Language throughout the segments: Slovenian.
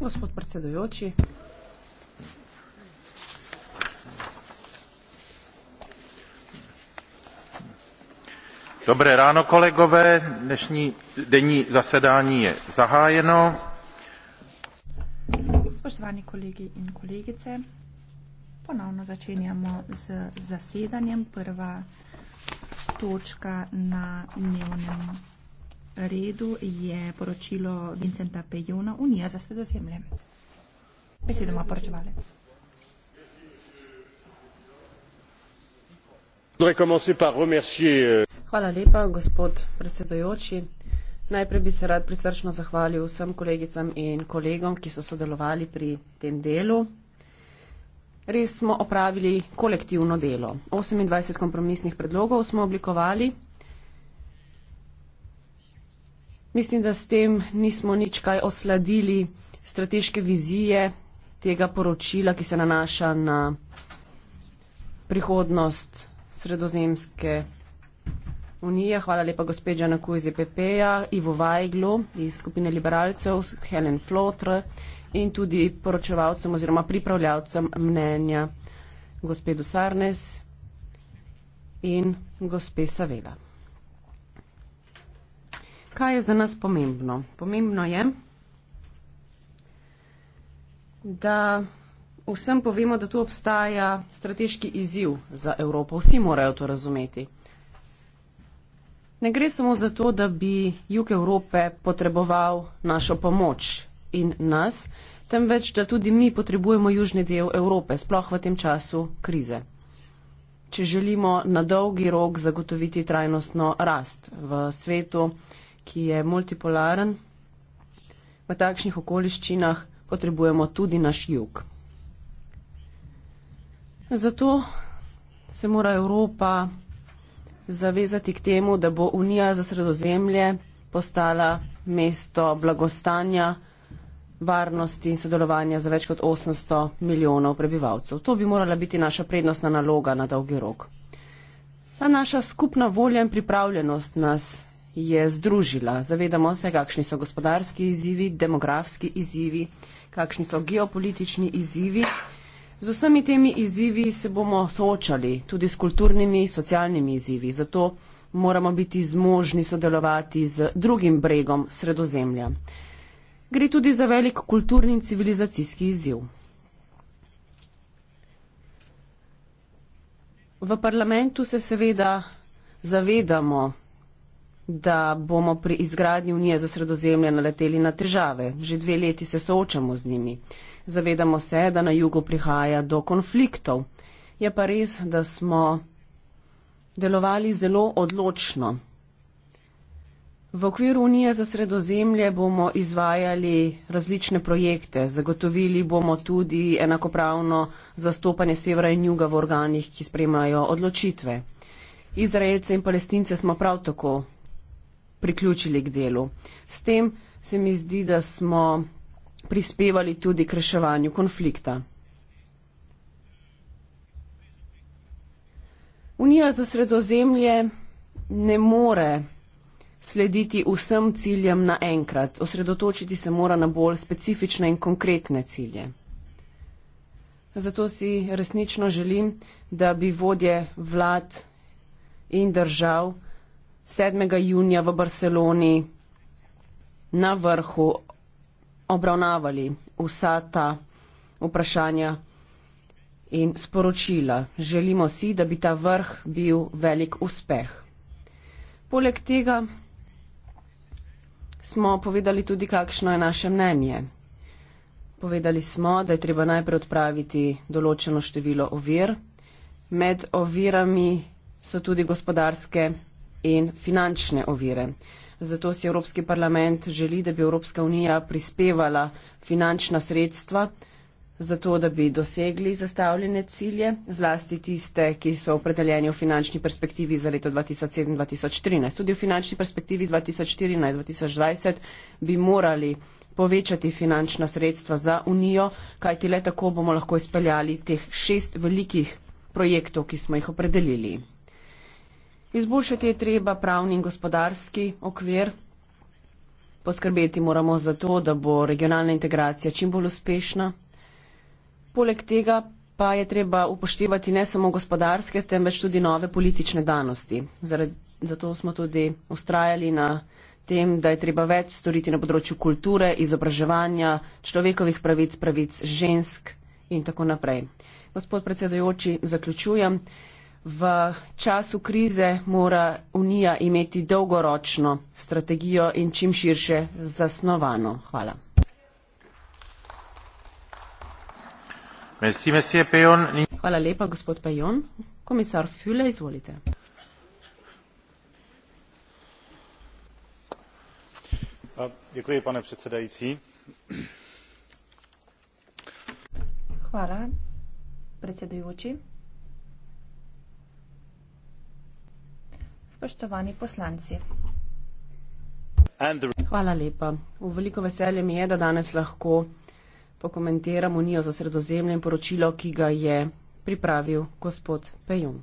Gospod predsedujoči. Dobré ráno, kolegové. Dnešní denní zasedání je zahájeno. Spoštovani kolegi in kolegice, ponovno začenjamo z zasedanjem. Prva točka na dnevnem redu je poročilo Vincenta Pejona, Unija za sredozemlje. Besedo ima poročevalec. Euh, Hvala lepa, gospod predsedojoči. Najprej bi se rad prisrčno zahvalil vsem kolegicam in kolegom, ki so sodelovali pri tem delu. Res smo opravili kolektivno delo. 28 kompromisnih predlogov smo oblikovali. Mislim, da s tem nismo nič kaj osladili strateške vizije tega poročila, ki se nanaša na prihodnost sredozemske unije. Hvala lepa gospe Džanaku iz EPP-ja, Ivo Vajglu iz skupine liberalcev, Helen Flotr in tudi poročevalcem oziroma pripravljalcem mnenja gospe Dusarnes in gospe Savela kaj je za nas pomembno? Pomembno je, da vsem povemo, da tu obstaja strateški izziv za Evropo. Vsi morajo to razumeti. Ne gre samo za to, da bi jug Evrope potreboval našo pomoč in nas, temveč, da tudi mi potrebujemo južni del Evrope, sploh v tem času krize. Če želimo na dolgi rok zagotoviti trajnostno rast v svetu, ki je multipolaren, v takšnih okoliščinah potrebujemo tudi naš jug. Zato se mora Evropa zavezati k temu, da bo Unija za sredozemlje postala mesto blagostanja, varnosti in sodelovanja za več kot 800 milijonov prebivalcev. To bi morala biti naša prednostna naloga na dolgi rok. Ta naša skupna volja in pripravljenost nas je združila. Zavedamo se, kakšni so gospodarski izzivi, demografski izzivi, kakšni so geopolitični izzivi. Z vsemi temi izzivi se bomo soočali, tudi s kulturnimi, socialnimi izzivi. Zato moramo biti zmožni sodelovati z drugim bregom sredozemlja. Gre tudi za velik kulturni in civilizacijski izziv. V parlamentu se seveda zavedamo, da bomo pri izgradnji Unije za sredozemlje naleteli na težave. Že dve leti se soočamo z njimi. Zavedamo se, da na jugu prihaja do konfliktov. Je pa res, da smo delovali zelo odločno. V okviru Unije za sredozemlje bomo izvajali različne projekte, zagotovili bomo tudi enakopravno zastopanje severa in juga v organih, ki spremajo odločitve. Izraelce in palestince smo prav tako priključili k delu. S tem se mi zdi, da smo prispevali tudi k reševanju konflikta. Unija za sredozemlje ne more slediti vsem ciljem naenkrat, osredotočiti se mora na bolj specifične in konkretne cilje. Zato si resnično želim, da bi vodje vlad in držav 7. junija v Barceloni na vrhu obravnavali vsa ta vprašanja in sporočila. Želimo si, da bi ta vrh bil velik uspeh. Poleg tega smo povedali tudi, kakšno je naše mnenje. Povedali smo, da je treba najprej odpraviti določeno število ovir. Med ovirami so tudi gospodarske in finančne ovire. Zato si Evropski parlament želi, da bi Evropska unija prispevala finančna sredstva, zato da bi dosegli zastavljene cilje, zlasti tiste, ki so opredeljeni v finančni perspektivi za leto 2007-2013. Tudi v finančni perspektivi 2014-2020 bi morali povečati finančna sredstva za unijo, kajti le tako bomo lahko izpeljali teh šest velikih projektov, ki smo jih opredelili. Izboljšati je treba pravni in gospodarski okvir. Poskrbeti moramo za to, da bo regionalna integracija čim bolj uspešna. Poleg tega pa je treba upoštevati ne samo gospodarske, temveč tudi nove politične danosti. Zaradi, zato smo tudi ustrajali na tem, da je treba več storiti na področju kulture, izobraževanja, človekovih pravic, pravic žensk in tako naprej. Gospod predsedujoči, zaključujem v času krize mora Unija imeti dolgoročno strategijo in čim širše zasnovano. Hvala. Merci, monsieur Pejon. Hvala lepa, gospod Pejon. Komisar Füle, izvolite. Děkuji, pane předsedající. Hvala, predsedujoči. spoštovani poslanci. Hvala lepa. V veliko veselje mi je, da danes lahko pokomentiram Unijo za sredozemlje in poročilo, ki ga je pripravil gospod Pejun.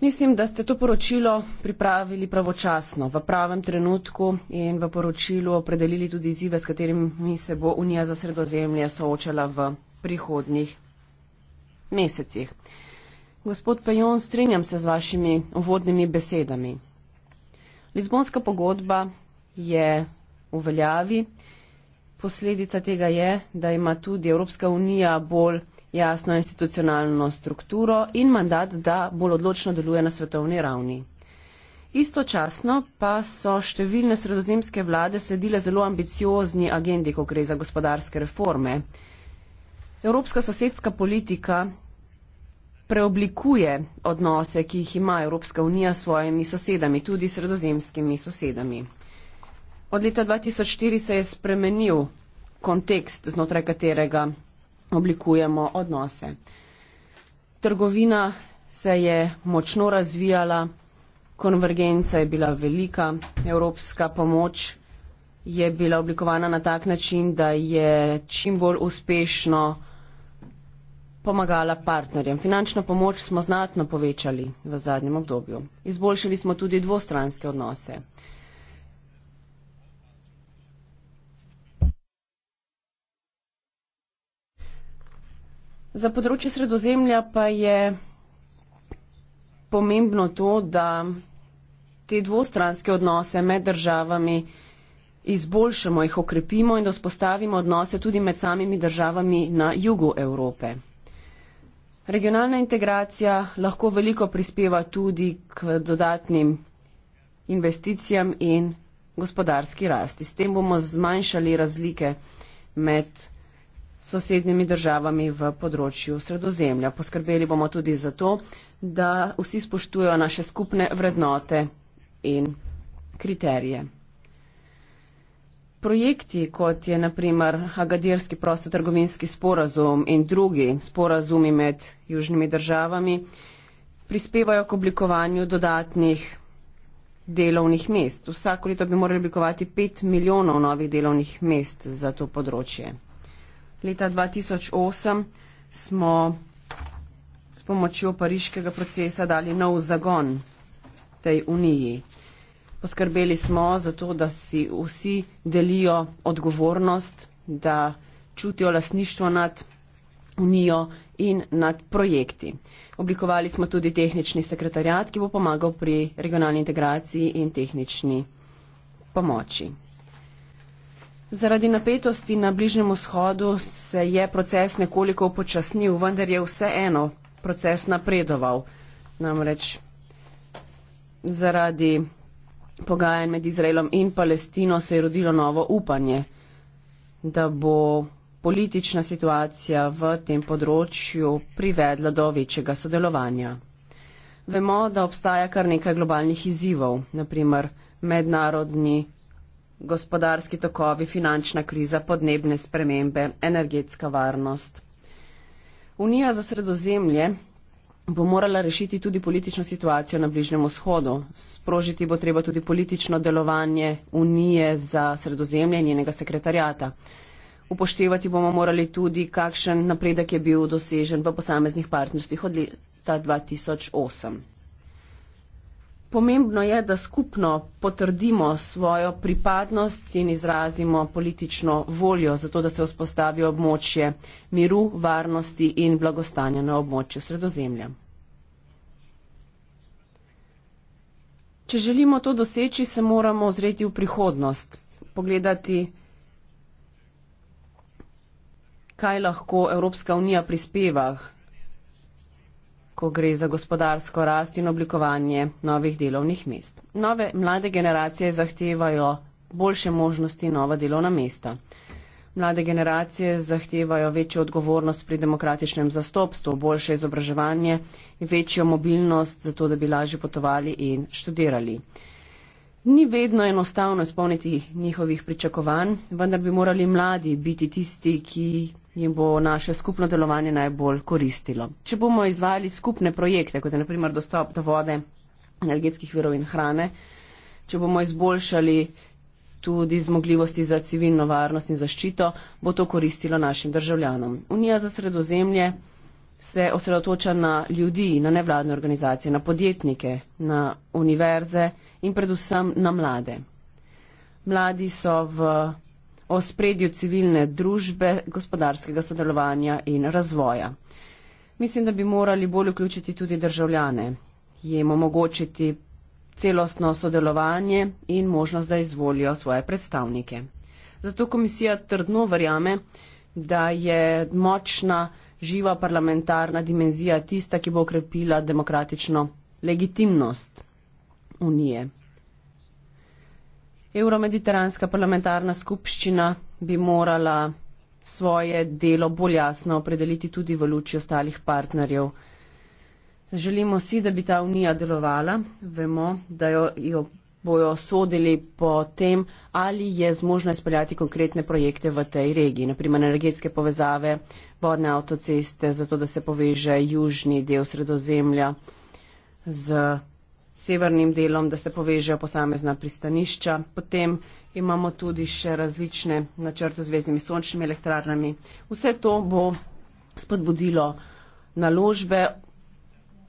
Mislim, da ste to poročilo pripravili pravočasno, v pravem trenutku in v poročilu opredelili tudi izzive, s katerimi se bo Unija za sredozemlje soočala v prihodnjih mesecih. Gospod Pejon, strinjam se z vašimi uvodnimi besedami. Lizbonska pogodba je v veljavi. Posledica tega je, da ima tudi Evropska unija bolj jasno institucionalno strukturo in mandat, da bolj odločno deluje na svetovni ravni. Istočasno pa so številne sredozemske vlade sledile zelo ambiciozni agendi, ko gre za gospodarske reforme. Evropska sosedska politika preoblikuje odnose, ki jih ima Evropska unija s svojimi sosedami, tudi sredozemskimi sosedami. Od leta 2004 se je spremenil kontekst, znotraj katerega oblikujemo odnose. Trgovina se je močno razvijala, konvergenca je bila velika, evropska pomoč je bila oblikovana na tak način, da je čim bolj uspešno pomagala partnerjem. Finančno pomoč smo znatno povečali v zadnjem obdobju. Izboljšali smo tudi dvostranske odnose. Za področje sredozemlja pa je pomembno to, da te dvostranske odnose med državami izboljšamo, jih okrepimo in da spostavimo odnose tudi med samimi državami na jugu Evrope regionalna integracija lahko veliko prispeva tudi k dodatnim investicijam in gospodarski rasti. S tem bomo zmanjšali razlike med sosednjimi državami v področju sredozemlja. Poskrbeli bomo tudi za to, da vsi spoštujejo naše skupne vrednote in kriterije projekti, kot je naprimer Agadirski prostotrgovinski sporazum in drugi sporazumi med južnimi državami, prispevajo k oblikovanju dodatnih delovnih mest. Vsako leto bi morali oblikovati 5 milijonov novih delovnih mest za to področje. Leta 2008 smo s pomočjo pariškega procesa dali nov zagon tej uniji. Poskrbeli smo za to, da si vsi delijo odgovornost, da čutijo lasništvo nad unijo in nad projekti. Oblikovali smo tudi tehnični sekretarjat, ki bo pomagal pri regionalni integraciji in tehnični pomoči. Zaradi napetosti na Bližnjem vzhodu se je proces nekoliko upočasnil, vendar je vseeno proces napredoval. Namreč zaradi pogajanj med Izraelom in Palestino se je rodilo novo upanje, da bo politična situacija v tem področju privedla do večjega sodelovanja. Vemo, da obstaja kar nekaj globalnih izzivov, naprimer mednarodni gospodarski tokovi, finančna kriza, podnebne spremembe, energetska varnost. Unija za sredozemlje, bo morala rešiti tudi politično situacijo na Bližnjem vzhodu. Sprožiti bo treba tudi politično delovanje Unije za sredozemlje in njenega sekretarjata. Upoštevati bomo morali tudi, kakšen napredek je bil dosežen v posameznih partnerstvih od leta 2008. Pomembno je, da skupno potrdimo svojo pripadnost in izrazimo politično voljo za to, da se vzpostavi območje miru, varnosti in blagostanja na območju sredozemlja. Če želimo to doseči, se moramo ozreti v prihodnost, pogledati, kaj lahko Evropska unija prispeva ko gre za gospodarsko rast in oblikovanje novih delovnih mest. Nove mlade generacije zahtevajo boljše možnosti nova delovna mesta. Mlade generacije zahtevajo večjo odgovornost pri demokratičnem zastopstvu, boljše izobraževanje in večjo mobilnost, zato da bi lažje potovali in študirali. Ni vedno enostavno izpolniti njihovih pričakovanj, vendar bi morali mladi biti tisti, ki jim bo naše skupno delovanje najbolj koristilo. Če bomo izvajali skupne projekte, kot je naprimer dostop do vode, energetskih virov in hrane, če bomo izboljšali tudi zmogljivosti za civilno varnost in zaščito, bo to koristilo našim državljanom. Unija za sredozemlje se osredotoča na ljudi, na nevladne organizacije, na podjetnike, na univerze in predvsem na mlade. Mladi so v o spredju civilne družbe, gospodarskega sodelovanja in razvoja. Mislim, da bi morali bolj vključiti tudi državljane, jim omogočiti celostno sodelovanje in možnost, da izvolijo svoje predstavnike. Zato komisija trdno verjame, da je močna živa parlamentarna dimenzija tista, ki bo okrepila demokratično legitimnost Unije. Euromediteranska parlamentarna skupščina bi morala svoje delo bolj jasno opredeliti tudi v luči ostalih partnerjev. Želimo si, da bi ta unija delovala, vemo, da jo, jo bojo sodili po tem, ali je zmožna izpeljati konkretne projekte v tej regiji, naprimer energetske povezave, vodne avtoceste, zato da se poveže južni del sredozemlja z severnim delom, da se povežejo posamezna pristanišča. Potem imamo tudi še različne načrte z veznimi sončnimi elektrarnami. Vse to bo spodbudilo naložbe,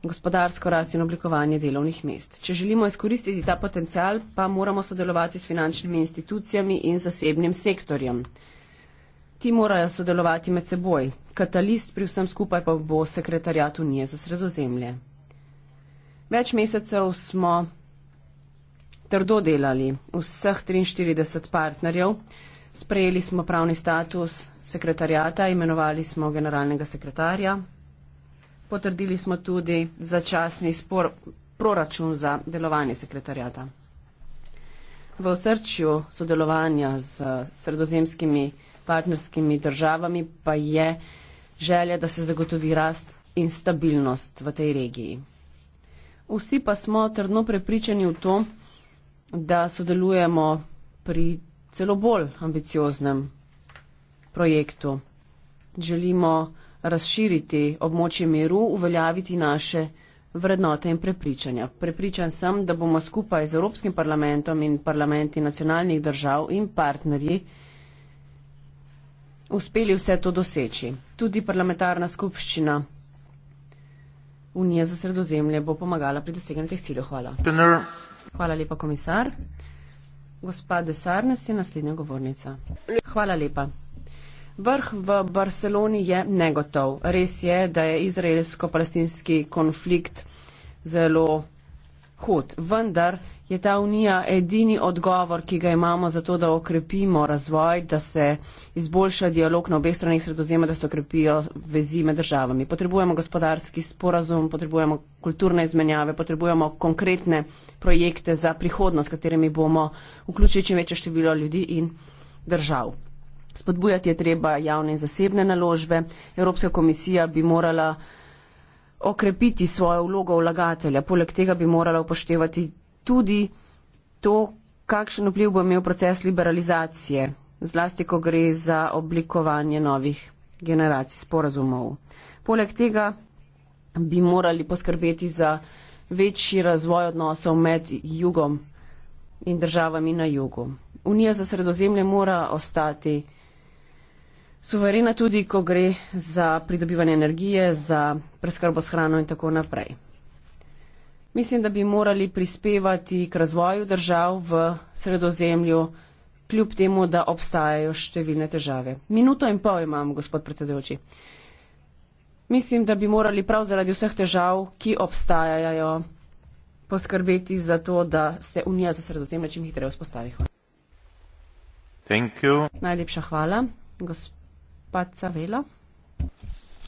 gospodarsko rast in oblikovanje delovnih mest. Če želimo izkoristiti ta potencial, pa moramo sodelovati s finančnimi institucijami in zasebnim sektorjem. Ti morajo sodelovati med seboj. Katalist pri vsem skupaj pa bo sekretarjat Unije za sredozemlje. Več mesecev smo trdo delali, vseh 43 partnerjev. Sprejeli smo pravni status sekretarjata, imenovali smo generalnega sekretarja. Potrdili smo tudi začasni spor, proračun za delovanje sekretarjata. V osrčju sodelovanja z sredozemskimi partnerskimi državami pa je želja, da se zagotovi rast in stabilnost v tej regiji vsi pa smo trdno prepričani v to, da sodelujemo pri celo bolj ambicioznem projektu. Želimo razširiti območje miru, uveljaviti naše vrednote in prepričanja. Prepričan sem, da bomo skupaj z Evropskim parlamentom in parlamenti nacionalnih držav in partnerji uspeli vse to doseči. Tudi parlamentarna skupščina Unija za sredozemlje bo pomagala pri doseganju teh ciljev. Hvala. Tenor. Hvala lepa, komisar. Gospa Desarnes je naslednja govornica. Hvala lepa. Vrh v Barceloni je negotov. Res je, da je izraelsko-palestinski konflikt zelo hud. Vendar je ta unija edini odgovor, ki ga imamo za to, da okrepimo razvoj, da se izboljša dialog na obeh stranih sredozema, da se okrepijo vezi med državami. Potrebujemo gospodarski sporazum, potrebujemo kulturne izmenjave, potrebujemo konkretne projekte za prihodnost, s katerimi bomo vključili čim večje število ljudi in držav. Spodbujati je treba javne in zasebne naložbe. Evropska komisija bi morala okrepiti svojo vlogo vlagatelja. Poleg tega bi morala upoštevati tudi to, kakšen vpliv bo imel proces liberalizacije, zlasti, ko gre za oblikovanje novih generacij sporazumov. Poleg tega bi morali poskrbeti za večji razvoj odnosov med jugom in državami na jugu. Unija za sredozemlje mora ostati suverena tudi, ko gre za pridobivanje energije, za preskrbo s hrano in tako naprej. Mislim, da bi morali prispevati k razvoju držav v sredozemlju, kljub temu, da obstajajo številne težave. Minuto in pol imam, gospod predsedujoči. Mislim, da bi morali prav zaradi vseh težav, ki obstajajo, poskrbeti za to, da se Unija za sredozemlje čim hitreje vzpostavi. Najlepša hvala. Gospod Cavela.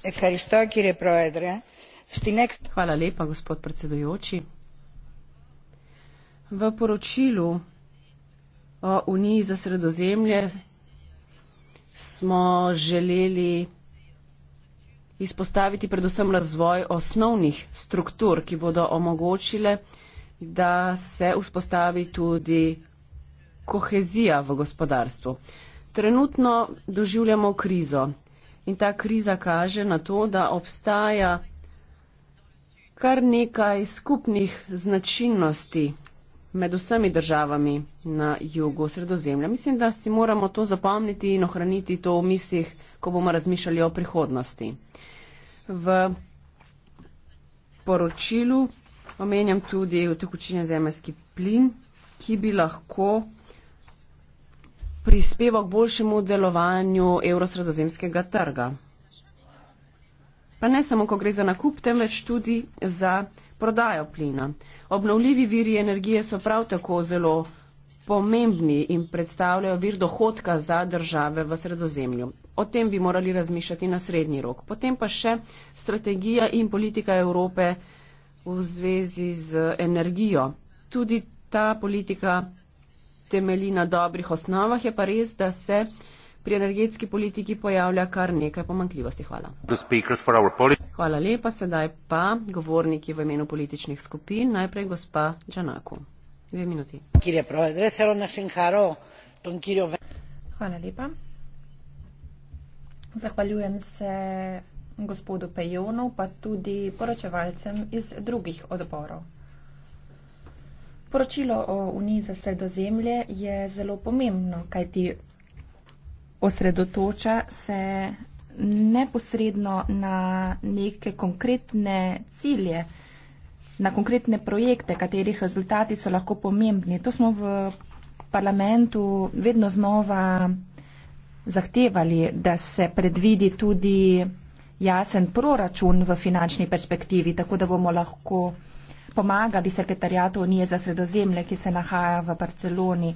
Eh, Stinek. Hvala lepa, gospod predsedujoči. V poročilu o Uniji za sredozemlje smo želeli izpostaviti predvsem razvoj osnovnih struktur, ki bodo omogočile, da se vzpostavi tudi kohezija v gospodarstvu. Trenutno doživljamo krizo in ta kriza kaže na to, da obstaja kar nekaj skupnih značilnosti med vsemi državami na jugu sredozemlja. Mislim, da si moramo to zapomniti in ohraniti to v mislih, ko bomo razmišljali o prihodnosti. V poročilu omenjam tudi utekočine zemljski plin, ki bi lahko prispeval k boljšemu delovanju evrosredozemskega trga pa ne samo, ko gre za nakup, temveč tudi za prodajo plina. Obnovljivi viri energije so prav tako zelo pomembni in predstavljajo vir dohodka za države v sredozemlju. O tem bi morali razmišljati na srednji rok. Potem pa še strategija in politika Evrope v zvezi z energijo. Tudi ta politika temelji na dobrih osnovah, je pa res, da se pri energetski politiki pojavlja kar nekaj pomankljivosti. Hvala. Hvala lepa, sedaj pa govorniki v imenu političnih skupin. Najprej gospa Džanaku. Dve minuti. Hvala lepa. Zahvaljujem se gospodu Pejonu, pa tudi poročevalcem iz drugih odborov. Poročilo o Uniji za sredozemlje je zelo pomembno, kajti osredotoča se neposredno na neke konkretne cilje, na konkretne projekte, katerih rezultati so lahko pomembni. To smo v parlamentu vedno znova zahtevali, da se predvidi tudi jasen proračun v finančni perspektivi, tako da bomo lahko pomagali sekretarjatu Unije za sredozemlje, ki se nahaja v Barceloni.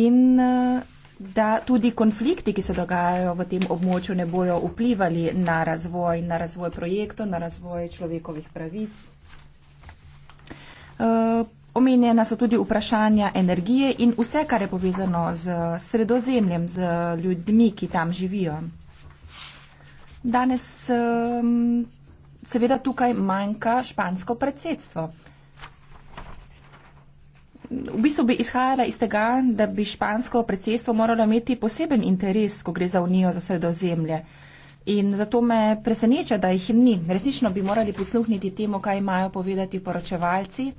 In uh, da tudi konflikti, ki se dogajajo v tem območju, ne bojo vplivali na razvoj, na razvoj projektov, na razvoj človekovih pravic. Eh, omenjena so tudi vprašanja energije in vse, kar je povezano z sredozemljem, z ljudmi, ki tam živijo. Danes ehm, seveda tukaj manjka špansko predsedstvo. V bistvu bi izhajala iz tega, da bi špansko predsedstvo moralo imeti poseben interes, ko gre za unijo za sredozemlje. In zato me preseneča, da jih ni. Resnično bi morali prisluhniti temu, kaj imajo povedati poročevalci.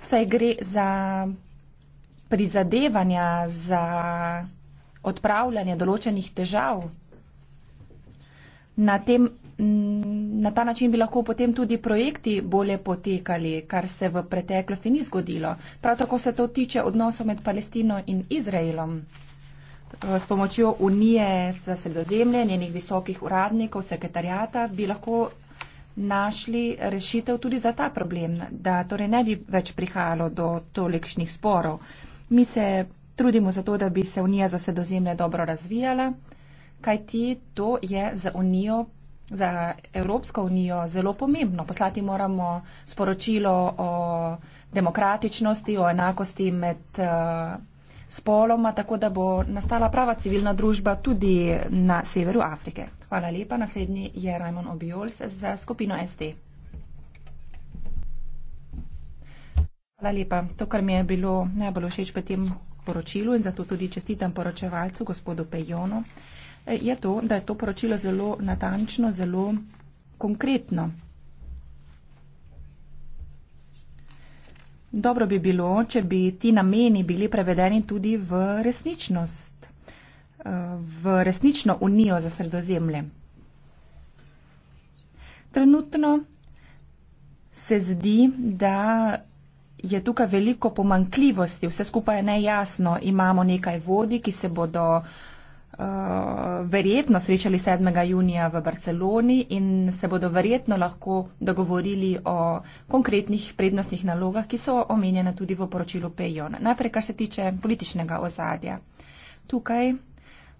Saj gre za prizadevanja, za odpravljanje določenih težav na tem na ta način bi lahko potem tudi projekti bolje potekali, kar se v preteklosti ni zgodilo. Prav tako se to tiče odnosov med Palestino in Izraelom. S pomočjo Unije za sredozemlje, njenih visokih uradnikov, sekretarjata bi lahko našli rešitev tudi za ta problem, da torej ne bi več prihajalo do tolikšnih sporov. Mi se trudimo za to, da bi se Unija za sredozemlje dobro razvijala, kaj ti to je za Unijo za Evropsko unijo zelo pomembno. Poslati moramo sporočilo o demokratičnosti, o enakosti med eh, spoloma, tako da bo nastala prava civilna družba tudi na severu Afrike. Hvala lepa. Naslednji je Rajmon Obiols za skupino SD. Hvala lepa. To, kar mi je bilo najbolj všeč pri tem poročilu in zato tudi čestitam poročevalcu, gospodu Pejonu je to, da je to poročilo zelo natančno, zelo konkretno. Dobro bi bilo, če bi ti nameni bili prevedeni tudi v resničnost, v resnično unijo za sredozemlje. Trenutno se zdi, da je tukaj veliko pomankljivosti, vse skupaj je nejasno, imamo nekaj vodi, ki se bodo uh, Eh, verjetno srečali 7. junija v Barceloni in se bodo verjetno lahko dogovorili o konkretnih prednostnih nalogah, ki so omenjene tudi v poročilu Pejon. Najprej, kar se tiče političnega ozadja. Tukaj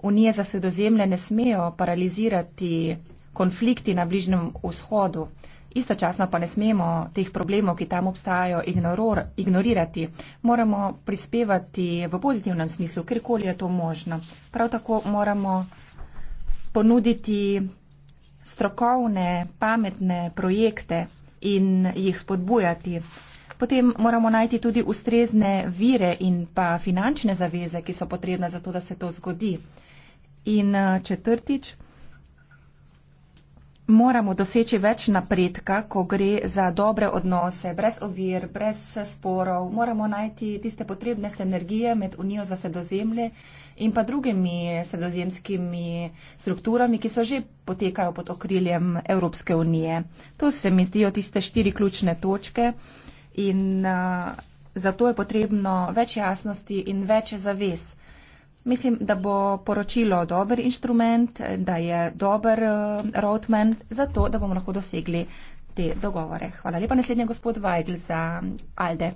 Unije za sredozemlje ne smejo paralizirati konflikti na Bližnjem vzhodu. Istočasno pa ne smemo teh problemov, ki tam obstajajo, ignoror, ignorirati. Moramo prispevati v pozitivnem smislu, kjerkoli je to možno. Prav tako moramo ponuditi strokovne, pametne projekte in jih spodbujati. Potem moramo najti tudi ustrezne vire in pa finančne zaveze, ki so potrebne za to, da se to zgodi. In eh, četrtič, moramo doseči več napredka, ko gre za dobre odnose, brez ovir, brez sporov. Moramo najti tiste potrebne sinergije med Unijo za sredozemlje in pa drugimi sredozemskimi strukturami, ki so že potekajo pod okriljem Evropske unije. To se mi zdijo tiste štiri ključne točke in uh, zato je potrebno več jasnosti in več zavez. Mislim, da bo poročilo dober inštrument, da je dober eh, roadman za to, da bomo lahko dosegli te dogovore. Hvala lepa. Naslednji je gospod Weigl za Alde.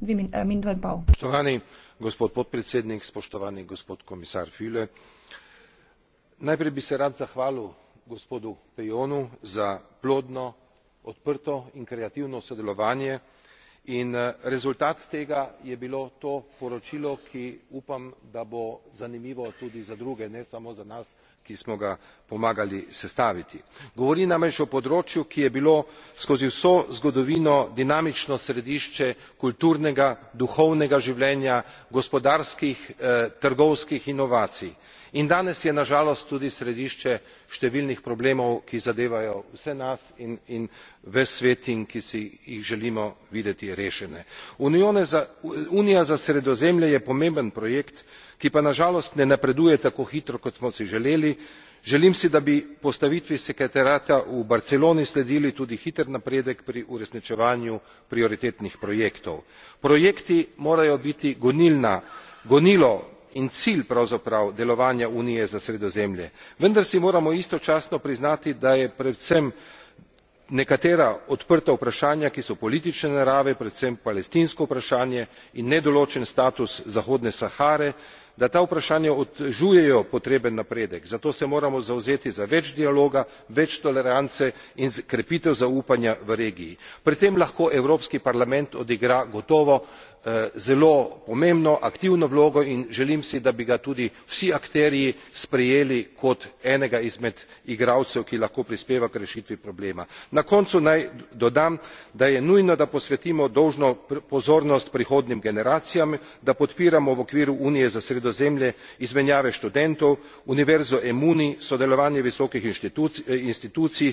Min, eh, min spoštovani gospod podpredsednik, spoštovani gospod komisar File. Najprej bi se rad zahvalil gospodu Pejonu za plodno, odprto in kreativno sodelovanje in eh, rezultat tega je bilo to poročilo ki upam da bo zanimivo tudi za druge ne samo za nas ki smo ga pomagali sestaviti. govori namreč o področju ki je bilo skozi vso zgodovino dinamično središče kulturnega duhovnega življenja gospodarskih eh, trgovskih inovacij in danes je na žalost tudi središče številnih problemov ki zadevajo vse nas in ves svet in ki si jih želimo videti rešene. unija za sredozemlje je pomemben projekt ki pa na žalost ne napreduje tako hitro kot smo si želeli želim si da bi postavitvi sekretariata v barceloni sledili tudi hiter napredek pri uresničevanju prioritetnih projektov. projekti morajo biti gonilo in cilj pravzaprav delovanja unije za sredozemlje vendar si moramo istočasno priznati da je predvsem nekatera odprta vprašanja ki so politične narave predvsem palestinsko vprašanje in nedoločen status zahodne sahare da ta vprašanja otežujejo potreben napredek zato se moramo zavzeti za več dialoga več tolerance in krepitev zaupanja v regiji. pri tem lahko evropski parlament odigra gotovo Eh, zelo pomembno aktivno vlogo in želim si da bi ga tudi vsi akterji sprejeli kot enega izmed igralcev ki lahko prispeva k rešitvi problema. na koncu naj dodam da je nujno da posvetimo dolžno pozornost prihodnjim generacijam da podpiramo v okviru unije za sredozemlje izmenjave študentov univerzo emuni sodelovanje visokih eh, institucij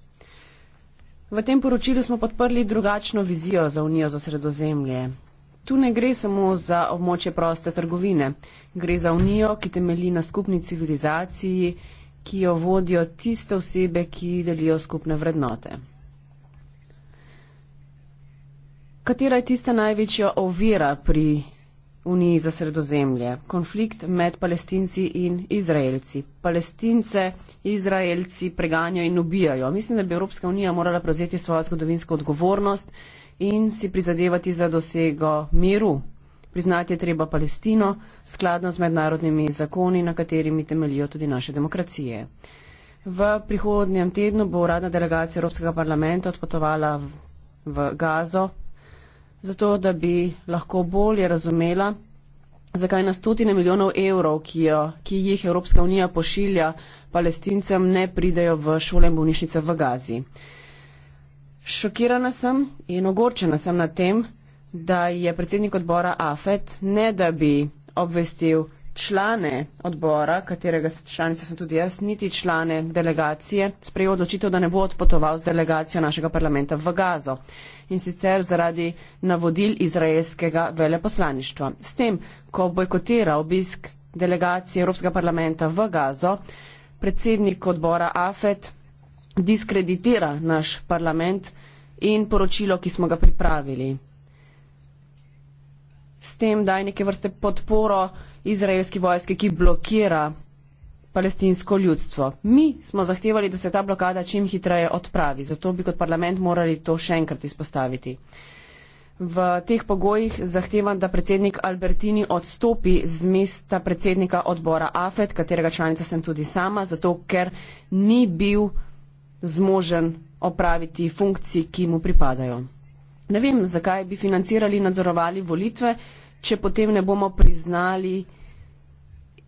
V tem poročilu smo podprli drugačno vizijo za Unijo za sredozemlje. Tu ne gre samo za območje proste trgovine, gre za Unijo, ki temelji na skupni civilizaciji, ki jo vodijo tiste osebe, ki delijo skupne vrednote. Katera je tista največja ovira pri Uniji za sredozemlje, konflikt med palestinci in izraelci. Palestince izraelci preganjajo in ubijajo. Mislim, da bi Evropska unija morala prevzeti svojo zgodovinsko odgovornost in si prizadevati za dosego miru. Priznati je treba Palestino skladno z mednarodnimi zakoni, na katerimi temeljijo tudi naše demokracije. V prihodnjem tednu bo uradna delegacija Evropskega parlamenta odpotovala v Gazo zato da bi lahko bolje razumela, zakaj na stotine milijonov evrov, ki, jo, ki jih Evropska unija pošilja palestincem, ne pridejo v šole in bolnišnice v Gazi. Šokirana sem in ogorčena sem na tem, da je predsednik odbora AFET, ne da bi obvestil člane odbora, katerega članica sem tudi jaz, niti člane delegacije, sprejel odločitev, da ne bo odpotoval z delegacijo našega parlamenta v Gazo in sicer zaradi navodil izraelskega veleposlaništva. S tem, ko bojkotira obisk delegacije Evropskega parlamenta v Gazo, predsednik odbora AFET diskreditira naš parlament in poročilo, ki smo ga pripravili. S tem daj neke vrste podporo izraelski vojske, ki blokira palestinsko ljudstvo. Mi smo zahtevali, da se ta blokada čim hitreje odpravi, zato bi kot parlament morali to še enkrat izpostaviti. V teh pogojih zahtevam, da predsednik Albertini odstopi z mesta predsednika odbora AFED, katerega članica sem tudi sama, zato ker ni bil zmožen opraviti funkcij, ki mu pripadajo. Ne vem, zakaj bi financirali, nadzorovali volitve, če potem ne bomo priznali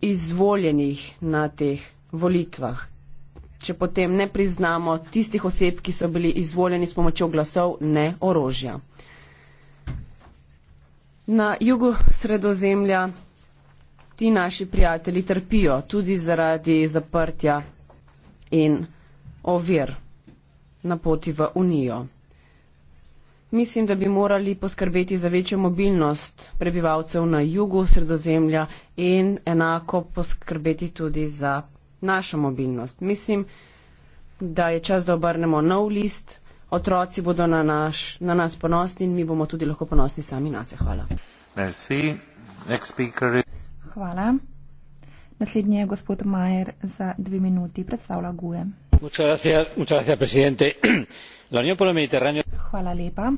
izvoljenih na teh volitvah. Če potem ne priznamo tistih oseb, ki so bili izvoljeni s pomočjo glasov, ne orožja. Na jugu sredozemlja ti naši prijatelji trpijo tudi zaradi zaprtja in ovir na poti v Unijo. Mislim, da bi morali poskrbeti za večjo mobilnost prebivalcev na jugu sredozemlja in enako poskrbeti tudi za našo mobilnost. Mislim, da je čas, da obrnemo nov list. Otroci bodo na, naš, na nas ponosni in mi bomo tudi lahko ponosni sami na se. Hvala. Hvala. Naslednji je gospod Majer za dve minuti. Predstavlja Gue. Muchas gracias, muchas gracias, Hvala lepa.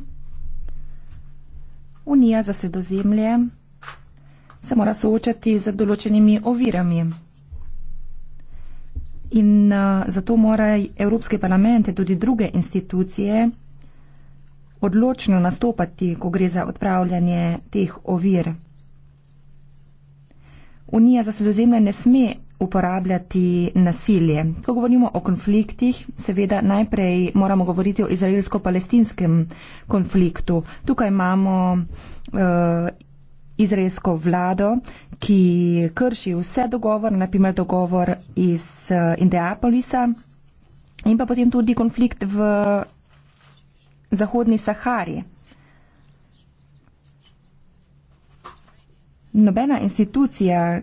Unija za sredozemlje se mora soočati z določenimi ovirami. In eh, zato mora Evropski parlament in tudi druge institucije odločno nastopati, ko gre za odpravljanje teh ovir. Unija za sredozemlje ne sme uporabljati nasilje. Ko govorimo o konfliktih, seveda najprej moramo govoriti o izraelsko-palestinskem konfliktu. Tukaj imamo uh, izraelsko vlado, ki krši vse dogovore, naprimer dogovor iz uh, eh, Indeapolisa in pa potem tudi konflikt v Zahodni Sahari. Nobena institucija,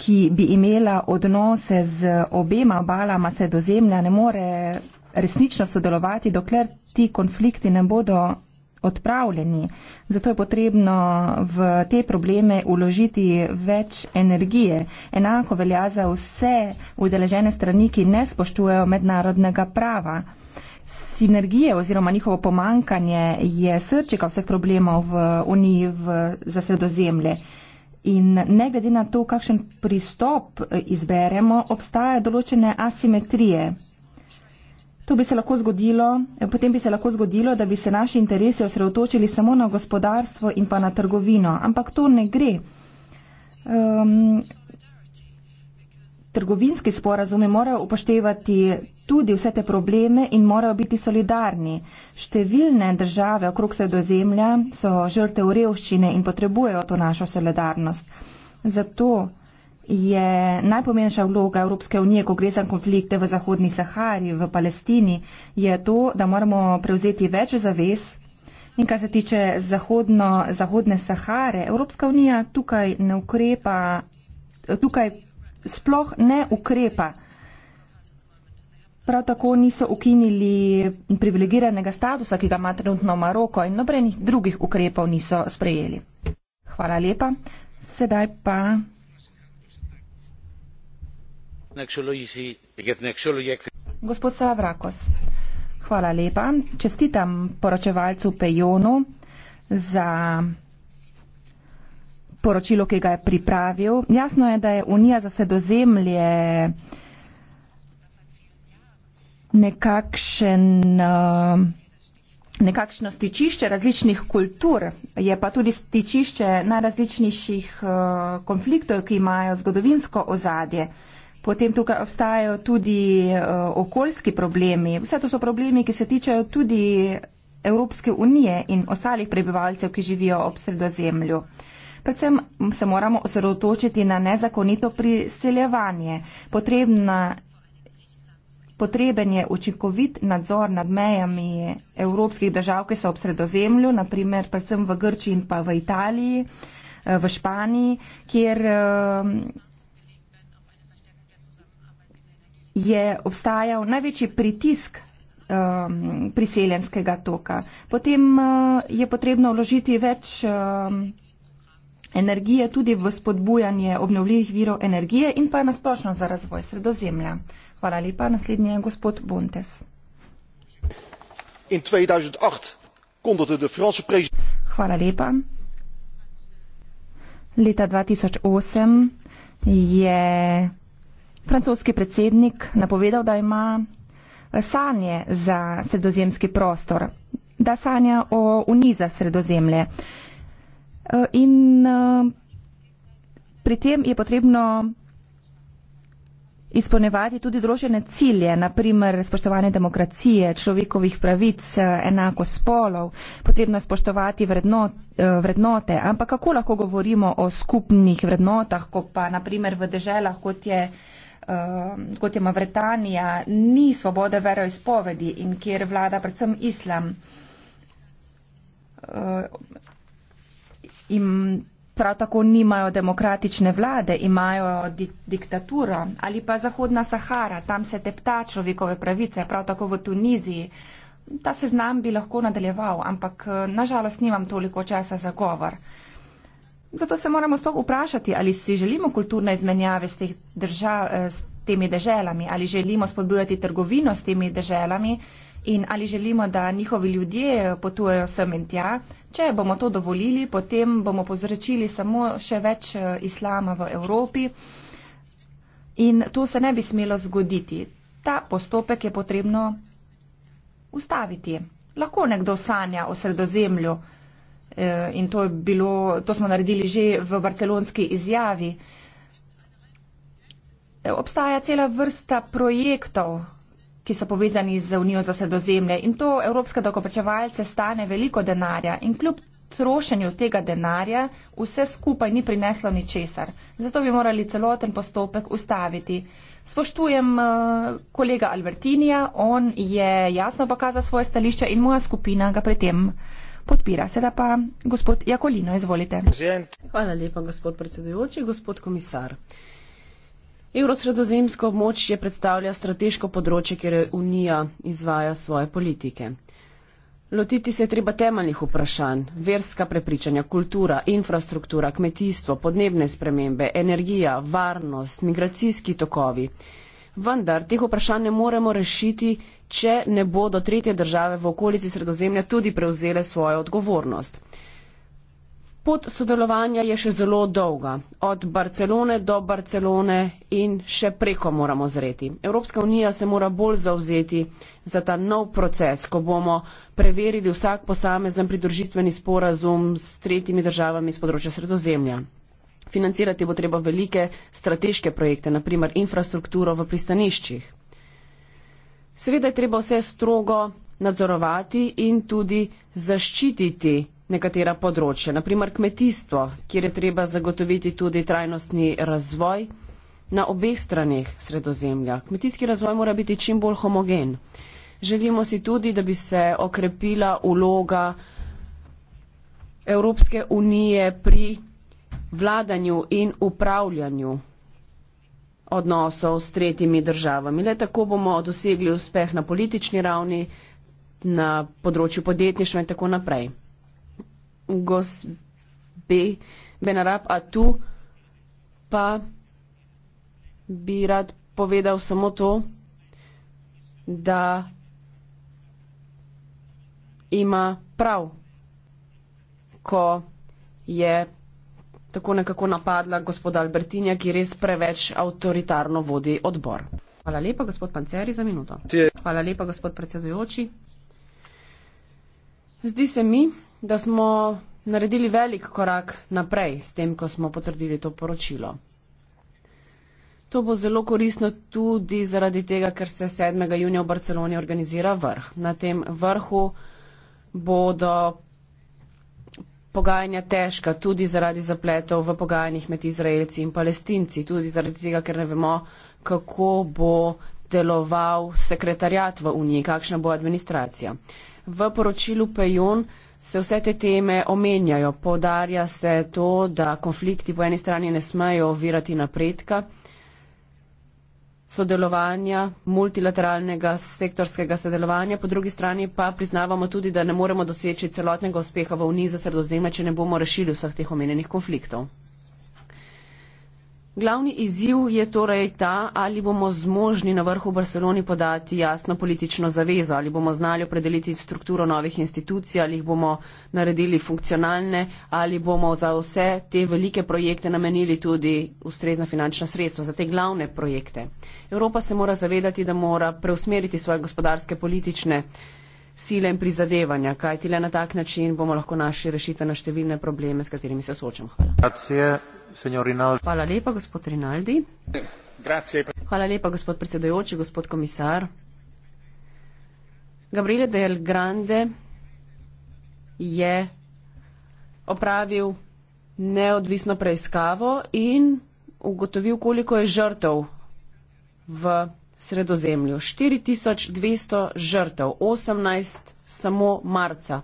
ki bi imela odnose z obema obalama sredozemlja, ne more resnično sodelovati, dokler ti konflikti ne bodo odpravljeni. Zato je potrebno v te probleme uložiti več energije. Enako velja za vse udeležene strani, ki ne spoštujejo mednarodnega prava. Sinergije oziroma njihovo pomankanje je srčika vseh problemov v Uniji v, za sredozemlje in ne glede na to, kakšen pristop eh, izberemo, obstaja določene asimetrije. To bi se lahko zgodilo, eh, potem bi se lahko zgodilo, da bi se naši interesi osredotočili samo na gospodarstvo in pa na trgovino, ampak to ne gre. Um, trgovinski sporazumi morajo upoštevati tudi vse te probleme in morajo biti solidarni. Številne države okrog sredozemlja so žrte v revščine in potrebujejo to našo solidarnost. Zato je najpomembnejša vloga Evropske unije, ko gre za konflikte v Zahodni Sahari, v Palestini, je to, da moramo prevzeti več zavez. In kar se tiče zahodno, Zahodne Sahare, Evropska unija tukaj ne ukrepa, tukaj sploh ne ukrepa. Prav tako niso ukinili privilegiranega statusa, ki ga ima trenutno Maroko in nobenih drugih ukrepov niso sprejeli. Hvala lepa. Sedaj pa. Gospod Salavrakos, hvala lepa. Čestitam poročevalcu Pejonu za poročilo, ki ga je pripravil. Jasno je, da je Unija za sredozemlje nekakšen, eh, nekakšno stičišče različnih kultur, je pa tudi stičišče najrazličnejših eh, konfliktov, ki imajo zgodovinsko ozadje. Potem tukaj obstajajo tudi eh, okoljski problemi. Vse to so problemi, ki se tičejo tudi Evropske unije in ostalih prebivalcev, ki živijo ob sredozemlju. Predvsem se moramo osredotočiti na nezakonito priseljevanje. Potrebna, potreben je učinkovit nadzor nad mejami evropskih držav, ki so ob sredozemlju, naprimer predvsem v Grči in pa v Italiji, eh, v Španiji, kjer eh, je obstajal največji pritisk ehm, priseljenskega toka. Potem eh, je potrebno vložiti več ehm, energije, tudi v spodbujanje obnovljivih virov energije in pa nasplošno za razvoj sredozemlja. Hvala lepa. Naslednji je gospod Bontes. In 2008 kondote de franse prezident. Hvala lepa. Leta 2008 je francoski predsednik napovedal, da ima sanje za sredozemski prostor, da sanja o uniji za sredozemlje. Eh, in eh, pri tem je potrebno izpolnevati tudi družene cilje, naprimer spoštovanje demokracije, človekovih pravic, eh, enako spolov, potrebno je spoštovati vrednot, vrednote. Ampak kako lahko govorimo o skupnih vrednotah, ko pa naprimer v deželah, kot je, kot je Mavretanija, ni svobode veroizpovedi in kjer vlada predvsem islam? in prav tako nimajo demokratične vlade, imajo di diktaturo ali pa Zahodna Sahara, tam se tepta človekove pravice, prav tako v Tuniziji. Ta seznam bi lahko nadaljeval, ampak nažalost nimam toliko časa za govor. Zato se moramo sploh vprašati, ali si želimo kulturne izmenjave s, držav, s temi deželami, ali želimo spodbujati trgovino s temi deželami in ali želimo, da njihovi ljudje potujejo sem in tja. Če bomo to dovolili, potem bomo povzročili samo še več eh, islama v Evropi in to se ne bi smelo zgoditi. Ta postopek je potrebno ustaviti. Lahko nekdo sanja o sredozemlju eh, in to, bilo, to smo naredili že v barcelonski izjavi. Eh, obstaja cela vrsta projektov, ki so povezani z Unijo za sredozemlje. In to evropske dokopečevalce stane veliko denarja. In kljub trošenju tega denarja vse skupaj ni prineslo ničesar. Zato bi morali celoten postopek ustaviti. Spoštujem eh, kolega Albertinija, on je jasno pokazal svoje stališče in moja skupina ga pri tem podpira. Sedaj pa gospod Jakolino, izvolite. Hvala lepa, gospod predsedujoči, gospod komisar. Evrosredozemsko območje predstavlja strateško področje, kjer Unija izvaja svoje politike. Lotiti se je treba temeljnih vprašanj - verska prepričanja, kultura, infrastruktura, kmetijstvo, podnebne spremembe, energija, varnost, migracijski tokovi. Vendar teh vprašanj ne moremo rešiti, če ne bodo tretje države v okolici sredozemlja tudi prevzele svojo odgovornost. Pot sodelovanja je še zelo dolga, od Barcelone do Barcelone in še preko moramo zreti. Evropska unija se mora bolj zauzeti za ta nov proces, ko bomo preverili vsak posamezen pridružitveni sporazum s tretjimi državami z področja sredozemlja. Financirati bo treba velike strateške projekte, naprimer infrastrukturo v pristaniščih. Seveda je treba vse strogo nadzorovati in tudi zaščititi nekatera področja, naprimer kmetijstvo, kjer je treba zagotoviti tudi trajnostni razvoj na obeh stranih sredozemlja. Kmetijski razvoj mora biti čim bolj homogen. Želimo si tudi, da bi se okrepila uloga Evropske unije pri vladanju in upravljanju odnosov s tretjimi državami. Le tako bomo dosegli uspeh na politični ravni, na področju podjetništva in tako naprej gospe Benarab Atu, pa bi rad povedal samo to, da ima prav, ko je tako nekako napadla gospoda Albertinja, ki res preveč avtoritarno vodi odbor. Hvala lepa, gospod Panceri, za minuto. Hvala lepa, gospod predsedujoči. Zdi se mi, da smo naredili velik korak naprej s tem, ko smo potrdili to poročilo. To bo zelo koristno tudi zaradi tega, ker se 7. junija v Barceloni organizira vrh. Na tem vrhu bodo pogajanja težka tudi zaradi zapletov v pogajanjih med Izraelci in Palestinci, tudi zaradi tega, ker ne vemo, kako bo deloval sekretarjat v Uniji, kakšna bo administracija. V poročilu Pejon se vse te teme omenjajo. Podarja se to, da konflikti po eni strani ne smejo ovirati napredka sodelovanja, multilateralnega sektorskega sodelovanja, po drugi strani pa priznavamo tudi, da ne moremo doseči celotnega uspeha v Uniji za sredozemlje, če ne bomo rešili vseh teh omenjenih konfliktov. Glavni izziv je torej ta, ali bomo zmožni na vrhu Barceloni podati jasno politično zavezo, ali bomo znali opredeliti strukturo novih institucij, ali jih bomo naredili funkcionalne, ali bomo za vse te velike projekte namenili tudi ustrezna finančna sredstva, za te glavne projekte. Evropa se mora zavedati, da mora preusmeriti svoje gospodarske politične sile in prizadevanja, kaj ti le na tak način bomo lahko našli rešitve na številne probleme, s katerimi se soočam. Hvala. Hvala lepa, gospod Rinaldi. Hvala lepa, gospod predsedojoči, gospod komisar. Gabriele del Grande je opravil neodvisno preiskavo in ugotovil, koliko je žrtev v sredozemlju. 4200 žrtev, 18 samo marca.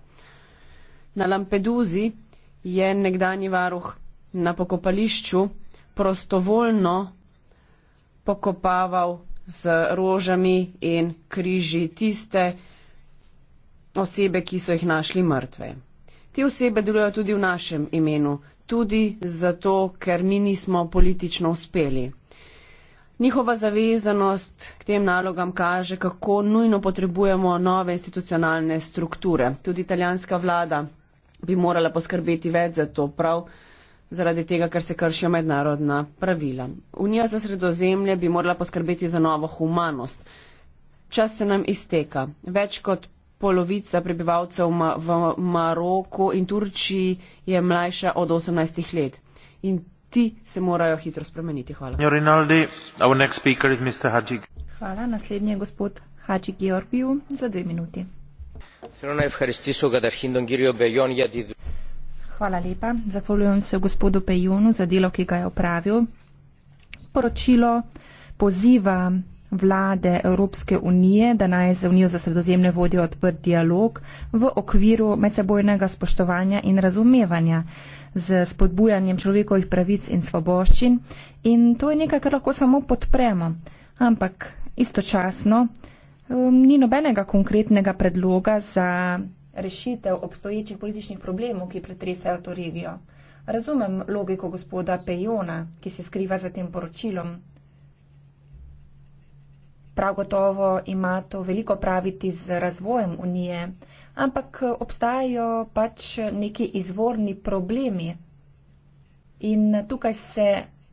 Na Lampeduzi je nekdani varuh na pokopališču prostovoljno pokopaval z rožami in križi tiste osebe, ki so jih našli mrtve. Te osebe delujejo tudi v našem imenu, tudi zato, ker mi nismo politično uspeli. Njihova zavezanost k tem nalogam kaže, kako nujno potrebujemo nove institucionalne strukture. Tudi italijanska vlada bi morala poskrbeti več za to prav zaradi tega, ker se kršijo mednarodna pravila. Unija za sredozemlje bi morala poskrbeti za novo humanost. Čas se nam izteka. Več kot polovica prebivalcev v Maroku in Turčiji je mlajša od 18 let. In poti se morajo hitro spremeniti. Hvala. Rinaldi, Hvala. Naslednji je gospod Hači Georgiju za dve minuti. Hvala lepa. Zahvaljujem se gospodu Pejonu za delo, ki ga je opravil. Poročilo poziva vlade Evropske unije, da naj z Unijo za sredozemne vodijo odprt dialog v okviru medsebojnega spoštovanja in razumevanja z spodbujanjem človekovih pravic in svoboščin. In to je nekaj, kar lahko samo podpremo. Ampak istočasno um, ni nobenega konkretnega predloga za rešitev obstoječih političnih problemov, ki pretresajo to regijo. Razumem logiko gospoda Pejona, ki se skriva za tem poročilom, Prav gotovo ima to veliko praviti z razvojem unije, ampak obstajajo pač neki izvorni problemi. In tukaj se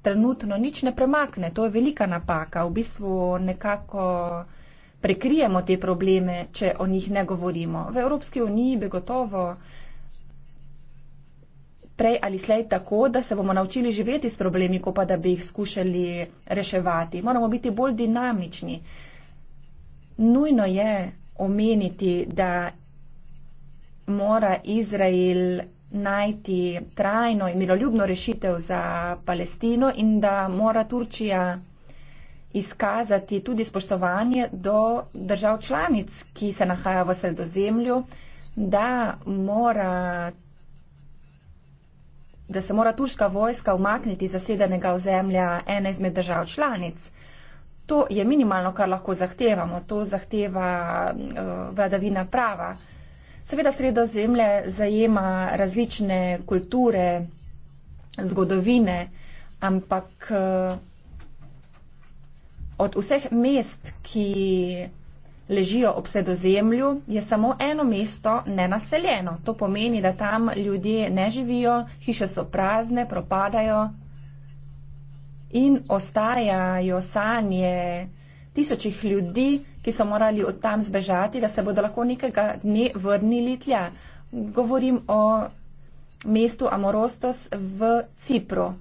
trenutno nič ne premakne, to je velika napaka. V bistvu nekako prekrijemo te probleme, če o njih ne govorimo. V Evropski uniji bi gotovo prej ali slej tako, da se bomo naučili živeti s problemi, ko pa da bi jih skušali reševati. Moramo biti bolj dinamični. Nujno je omeniti, da mora Izrael najti trajno in miroljubno rešitev za Palestino in da mora Turčija izkazati tudi spoštovanje do držav članic, ki se nahajajo v sredozemlju, da mora da se mora turška vojska umakniti zasedenega ozemlja ene izmed držav članic. To je minimalno, kar lahko zahtevamo. To zahteva uh, vladavina prava. Seveda sredozemlje zajema različne kulture, zgodovine, ampak uh, od vseh mest, ki ležijo ob sredozemlju, je samo eno mesto nenaseljeno. To pomeni, da tam ljudje ne živijo, hiše so prazne, propadajo in ostajajo sanje tisočih ljudi, ki so morali od tam zbežati, da se bodo lahko nekega dne vrnili tja. Govorim o mestu Amorostos v Cipru.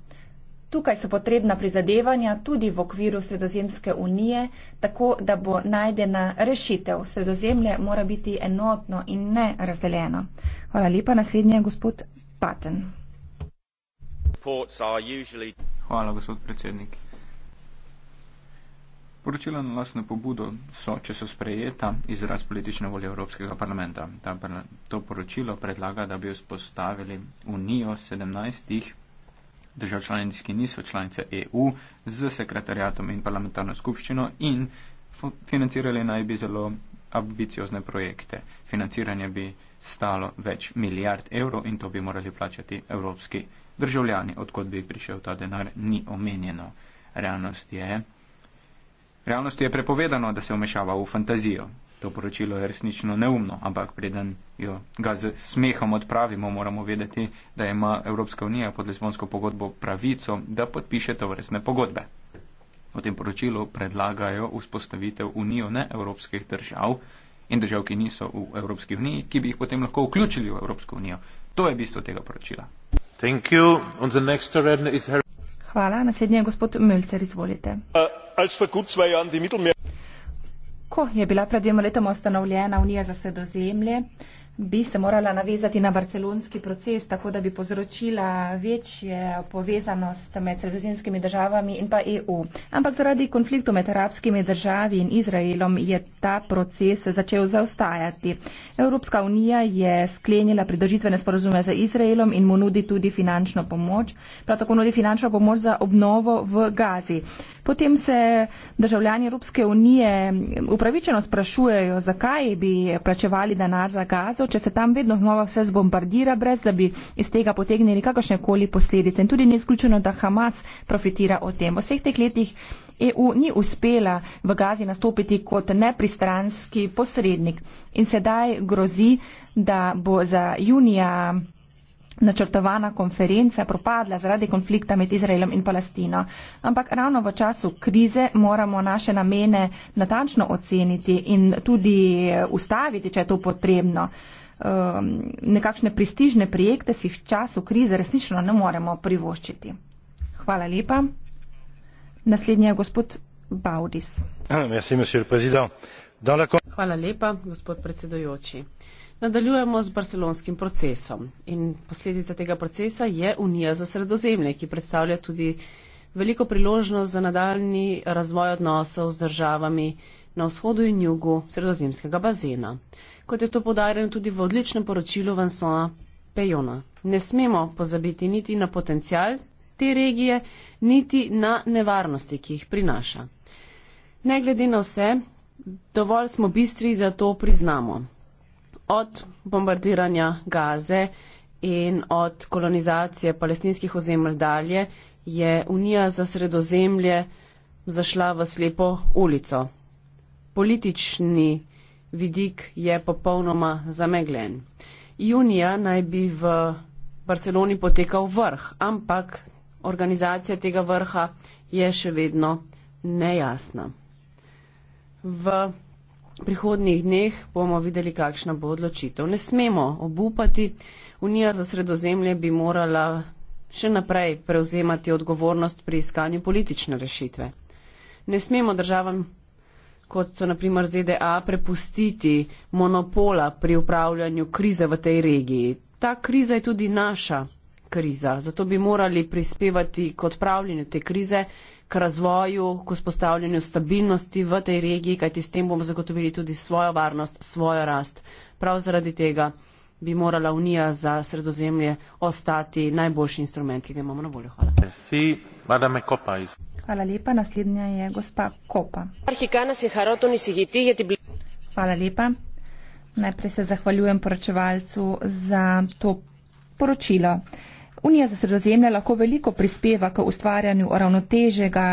Tukaj so potrebna prizadevanja tudi v okviru Sredozemske unije, tako da bo najdena rešitev. Sredozemlje mora biti enotno in ne razdeljeno. Hvala lepa, naslednji je gospod Paten. Hvala, gospod predsednik. Poročila na lastno pobudo so, če so sprejeta, izraz politične volje Evropskega parlamenta. To poročilo predlaga, da bi vzpostavili unijo 17 držav članic, ki niso članice EU, z sekretarjatom in parlamentarno skupščino in financirali naj bi zelo ambiciozne projekte. Financiranje bi stalo več milijard evrov in to bi morali plačati evropski državljani. Odkot bi prišel ta denar, ni omenjeno. Realnost je, realnost je prepovedano, da se vmešava v fantazijo to poročilo je resnično neumno, ampak preden jo ga z smehom odpravimo, moramo vedeti, da ima Evropska unija pod Lisbonsko pogodbo pravico, da podpiše to vrstne pogodbe. V tem poročilu predlagajo vzpostavitev unijo neevropskih držav in držav, ki niso v Evropski uniji, ki bi jih potem lahko vključili v Evropsko unijo. To je bistvo tega poročila. Hvala, naslednji je gospod Mölcer, izvolite. Uh, Ko je bila pred dvema letoma ustanovljena Unija za sredozemlje, bi se morala navezati na barcelonski proces, tako da bi povzročila večje povezanost med sredozemskimi državami in pa EU. Ampak zaradi konfliktu med arabskimi državi in Izraelom je ta proces začel zaostajati. Evropska unija je sklenila pridožitvene sporozume za Izraelom in mu nudi tudi finančno pomoč, prav tako nudi finančno pomoč za obnovo v Gazi. Potem se državljani Evropske unije upravičeno sprašujejo, zakaj bi plačevali denar za gazo, če se tam vedno znova vse zbombardira, brez da bi iz tega potegnili kakršne koli posledice. In tudi ni izključeno, da Hamas profitira o tem. V vseh teh letih EU ni uspela v gazi nastopiti kot nepristranski posrednik. In sedaj grozi, da bo za junija načrtovana konferenca propadla zaradi konflikta med Izraelom in Palestino. Ampak ravno v času krize moramo naše namene natančno oceniti in tudi eh, ustaviti, če je to potrebno. Ehm, nekakšne prestižne projekte si v času krize resnično ne moremo privoščiti. Hvala lepa. Naslednji je gospod Baudis. Ah, Hvala lepa, gospod predsedujoči. Nadaljujemo z barcelonskim procesom in posledica tega procesa je Unija za sredozemlje, ki predstavlja tudi veliko priložnost za nadaljni razvoj odnosov z državami na vzhodu in jugu sredozemskega bazena. Kot je to podarjeno tudi v odličnem poročilu Vansona Pejona. Ne smemo pozabiti niti na potencial te regije, niti na nevarnosti, ki jih prinaša. Ne glede na vse, dovolj smo bistri, da to priznamo od bombardiranja Gaze in od kolonizacije palestinskih ozemelj dalje je Unija za sredozemlje zašla v slepo ulico. Politični vidik je popolnoma zamegljen. Junija naj bi v Barceloni potekal vrh, ampak organizacija tega vrha je še vedno nejasna. V prihodnih dneh bomo videli, kakšna bo odločitev. Ne smemo obupati. Unija za sredozemlje bi morala še naprej prevzemati odgovornost pri iskanju politične rešitve. Ne smemo državam, kot so naprimer ZDA, prepustiti monopola pri upravljanju krize v tej regiji. Ta kriza je tudi naša kriza, zato bi morali prispevati k odpravljanju te krize k razvoju, k vzpostavljanju stabilnosti v tej regiji, kajti s tem bomo zagotovili tudi svojo varnost, svojo rast. Prav zaradi tega bi morala Unija za sredozemlje ostati najboljši instrument, ki ga imamo na voljo. Hvala. Hvala lepa. Naslednja je gospa Kopa. Hvala lepa. Najprej se zahvaljujem poročevalcu za to poročilo. Unija za sredozemlje lahko veliko prispeva k ustvarjanju ravnotežega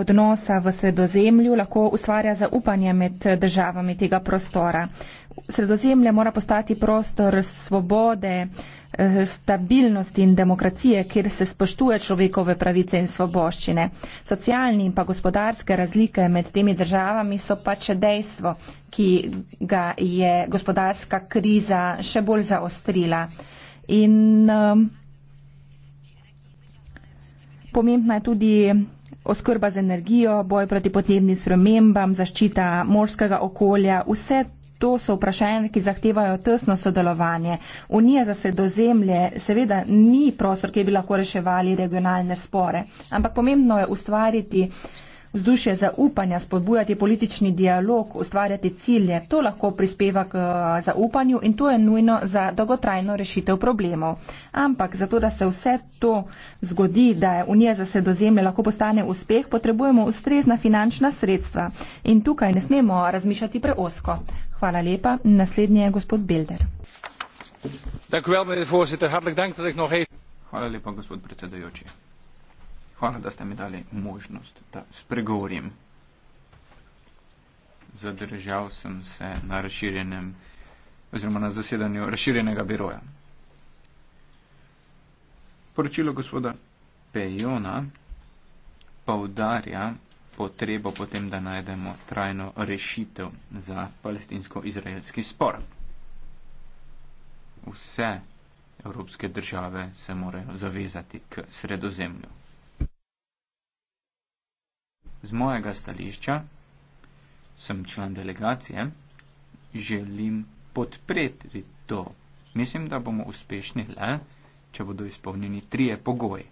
odnosa v sredozemlju, lahko ustvarja zaupanje med državami tega prostora. Sredozemlje mora postati prostor svobode, eh, stabilnosti in demokracije, kjer se spoštuje človekove pravice in svoboščine. Socialni in pa gospodarske razlike med temi državami so pač dejstvo, ki ga je gospodarska kriza še bolj zaostrila. In um, pomembna je tudi oskrba z energijo, boj proti podnebnim spremembam, zaščita morskega okolja. Vse to so vprašanja, ki zahtevajo tesno sodelovanje. Unija za sredozemlje seveda ni prostor, ki bi lahko reševali regionalne spore, ampak pomembno je ustvariti uh, vzdušje zaupanja, spodbujati politični dialog, ustvarjati cilje. To lahko prispeva k eh, zaupanju in to je nujno za dolgotrajno rešitev problemov. Ampak zato, da se vse to zgodi, da je Unija za sredozemlje lahko postane uspeh, potrebujemo ustrezna finančna sredstva. In tukaj ne smemo razmišljati preosko. Hvala lepa. Naslednji je gospod Bilder. Hvala lepa, gospod predsedujoči. Hvala, da ste mi dali možnost, da spregovorim. Zadržal sem se na razširjenem oziroma na zasedanju razširjenega biroja. Poročilo gospoda Pejona pa udarja potrebo potem, da najdemo trajno rešitev za palestinsko-izraelski spor. Vse evropske države se morajo zavezati k sredozemlju z mojega stališča, sem član delegacije, želim podpreti to. Mislim, da bomo uspešni le, če bodo izpolnjeni trije pogoji.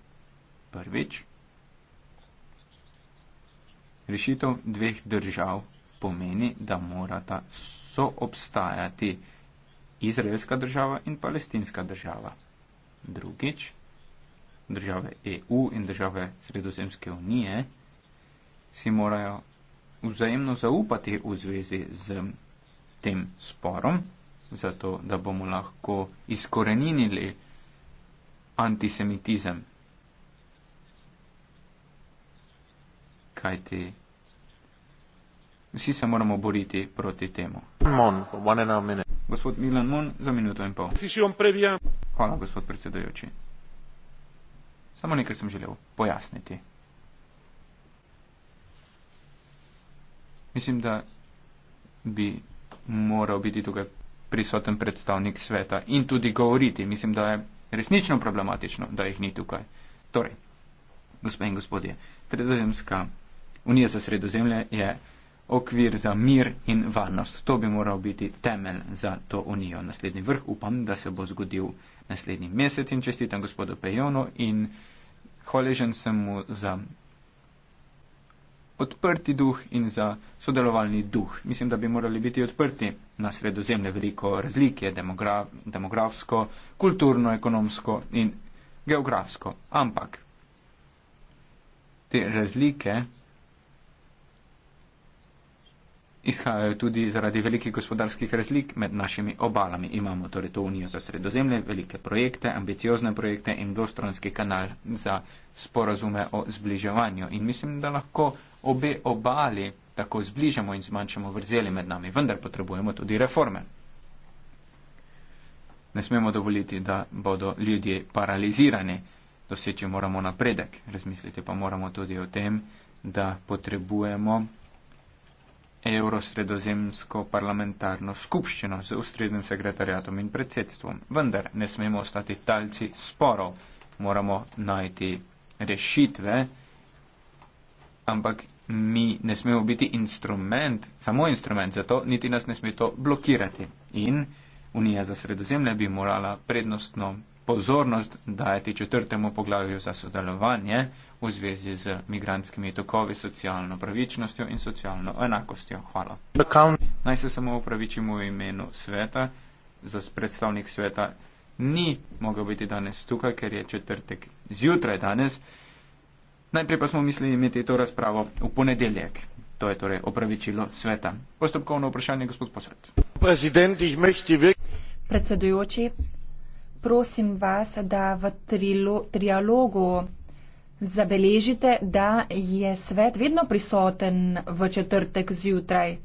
Prvič, rešitev dveh držav pomeni, da morata soobstajati izraelska država in palestinska država. Drugič, države EU in države Sredozemske unije si morajo vzajemno zaupati v zvezi z tem sporom, zato da bomo lahko izkorenili antisemitizem. Kajti vsi se moramo boriti proti temu. Gospod Milan Mon, za minuto in pol. Hvala, gospod predsedajoči. Samo nekaj sem želel pojasniti. Mislim, da bi moral biti tukaj prisoten predstavnik sveta in tudi govoriti. Mislim, da je resnično problematično, da jih ni tukaj. Torej, gospe in gospodje, Tredozemska unija za sredozemlje je okvir za mir in varnost. To bi moral biti temelj za to unijo. Naslednji vrh upam, da se bo zgodil naslednji mesec in čestitam gospodu Pejonu in hvaležen sem mu za odprti duh in za sodelovalni duh. Mislim, da bi morali biti odprti na sredozemlje veliko razlike demograf, demografsko, kulturno, ekonomsko in geografsko. Ampak te razlike izhajajo tudi zaradi velikih gospodarskih razlik med našimi obalami. Imamo torej to unijo za sredozemlje, velike projekte, ambiciozne projekte in dvostranski kanal za sporazume o zbliževanju. In mislim, da lahko obe obali tako zbližamo in zmanjšamo vrzeli med nami, vendar potrebujemo tudi reforme. Ne smemo dovoliti, da bodo ljudje paralizirani, doseči moramo napredek. Razmisliti pa moramo tudi o tem, da potrebujemo evrosredozemsko parlamentarno skupščino z ustreznim sekretarjatom in predsedstvom. Vendar ne smemo ostati talci sporov, moramo najti rešitve, ampak mi ne smemo biti instrument, samo instrument za to, niti nas ne sme to blokirati. In Unija za sredozemlje bi morala prednostno pozornost dajati četrtemu poglavju za sodelovanje v zvezi z migranskimi tokovi, socialno pravičnostjo in socialno enakostjo. Hvala. Naj se samo upravičim v imenu sveta, za predstavnik sveta ni mogel biti danes tukaj, ker je četrtek zjutraj danes. Najprej pa smo mislili imeti to razpravo v ponedeljek. To je torej opravičilo sveta. Postopkovno vprašanje, gospod posvet. Predsedujoči, prosim vas, da v trialogu zabeležite, da je svet vedno prisoten v četrtek zjutraj.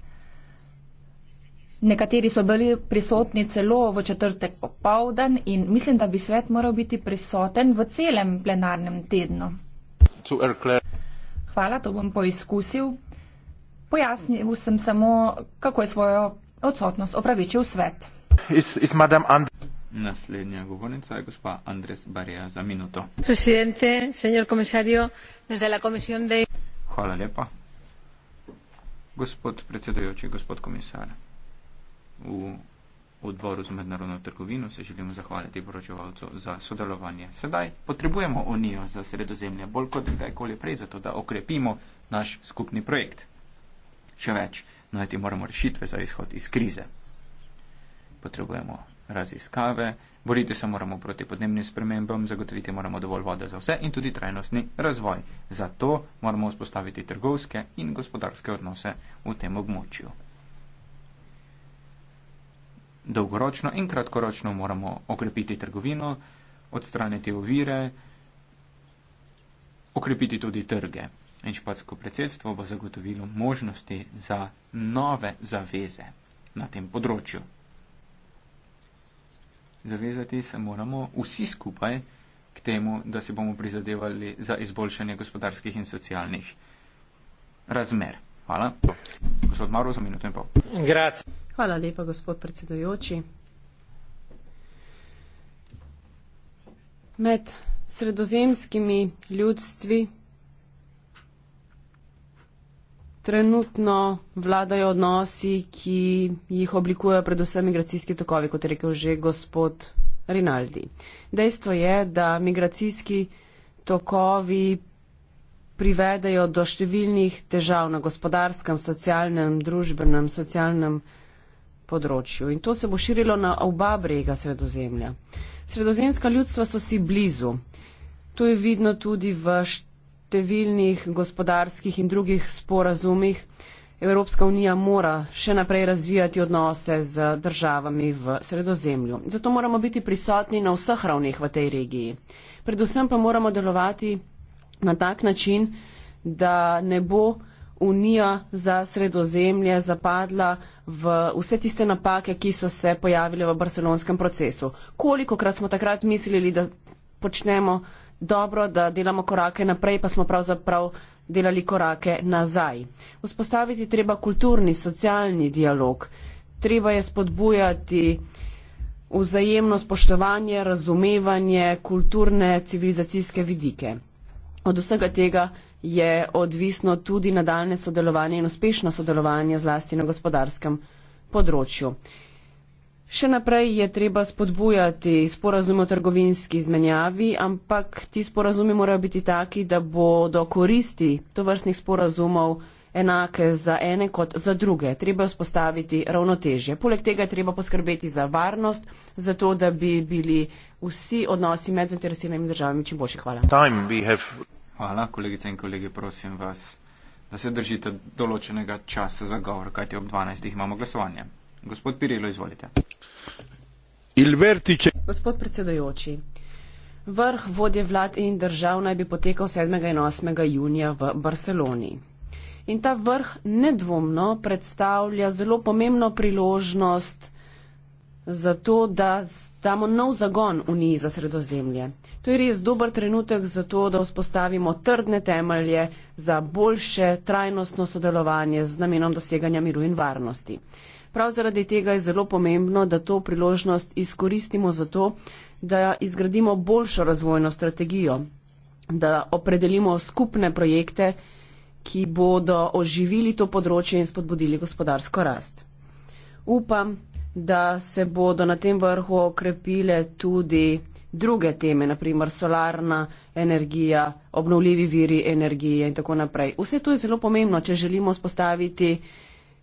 Nekateri so bili prisotni celo v četrtek popovdan in mislim, da bi svet moral biti prisoten v celem plenarnem tednu. Hvala, to bom poizkusil. Pojasnil sem samo, kako je svojo odsotnost opravičil svet. Is, is Naslednja govornica je gospa Andres Barija za minuto. Desde la de... Hvala lepa. Gospod predsedujoči, gospod komisar. V odboru za mednarodno trgovino se želimo zahvaliti poročevalcu za sodelovanje. Sedaj potrebujemo Unijo za sredozemlje bolj kot kdajkoli prej, zato da okrepimo naš skupni projekt. Še več, najti moramo rešitve za izhod iz krize. Potrebujemo raziskave, boriti se moramo proti podnebnim spremembam, zagotoviti moramo dovolj vode za vse in tudi trajnostni razvoj. Zato moramo vzpostaviti trgovske in gospodarske odnose v tem območju dolgoročno in kratkoročno moramo okrepiti trgovino, odstraniti ovire, okrepiti tudi trge. In špansko predsedstvo bo zagotovilo možnosti za nove zaveze na tem področju. Zavezati se moramo vsi skupaj k temu, da si bomo prizadevali za izboljšanje gospodarskih in socialnih razmer. Hvala. Gospod Maro, za minuto in pol. Grazie. Hvala lepa, gospod predsedujoči. Med sredozemskimi ljudstvi trenutno vladajo odnosi, ki jih oblikujejo predvsem migracijski tokovi, kot je rekel že gospod Rinaldi. Dejstvo je, da migracijski tokovi privedejo do številnih težav na gospodarskem, socialnem, družbenem, socialnem področju področju. In to se bo širilo na oba brega sredozemlja. Sredozemska ljudstva so si blizu. To je vidno tudi v številnih gospodarskih in drugih sporazumih. Evropska unija mora še naprej razvijati odnose z državami v sredozemlju. Zato moramo biti prisotni na vseh ravneh v tej regiji. Predvsem pa moramo delovati na tak način, da ne bo Unija za sredozemlje zapadla v vse tiste napake, ki so se pojavile v barcelonskem procesu. Kolikokrat smo takrat mislili, da počnemo dobro, da delamo korake naprej, pa smo pravzaprav delali korake nazaj. Vzpostaviti treba kulturni, socialni dialog. Treba je spodbujati vzajemno spoštovanje, razumevanje, kulturne, civilizacijske vidike. Od vsega tega je odvisno tudi nadaljne sodelovanje in uspešno sodelovanje zlasti na gospodarskem področju. Še naprej je treba spodbujati sporazum o trgovinski izmenjavi, ampak ti sporazumi morajo biti taki, da bodo koristi tovrstnih sporazumov enake za ene kot za druge. Treba je vzpostaviti ravnotežje. Poleg tega je treba poskrbeti za varnost, zato da bi bili vsi odnosi med zainteresiranimi državami čim boljši. Hvala. Time we have... Hvala, kolegice in kolegi, prosim vas, da se držite določenega časa za govor, kajti ob 12. imamo glasovanje. Gospod Pirilo, izvolite. Ilvertiče. Gospod predsedojoči, vrh vodje vlad in držav naj bi potekal 7. in 8. junija v Barceloni. In ta vrh nedvomno predstavlja zelo pomembno priložnost za to, da damo nov zagon Uniji za sredozemlje. To je res dober trenutek za to, da vzpostavimo trdne temelje za boljše trajnostno sodelovanje z namenom doseganja miru in varnosti. Prav zaradi tega je zelo pomembno, da to priložnost izkoristimo za to, da izgradimo boljšo razvojno strategijo, da opredelimo skupne projekte, ki bodo oživili to področje in spodbudili gospodarsko rast. Upam, da se bodo na tem vrhu okrepile tudi druge teme, naprimer solarna energija, obnovljivi viri energije in tako naprej. Vse to je zelo pomembno, če želimo spostaviti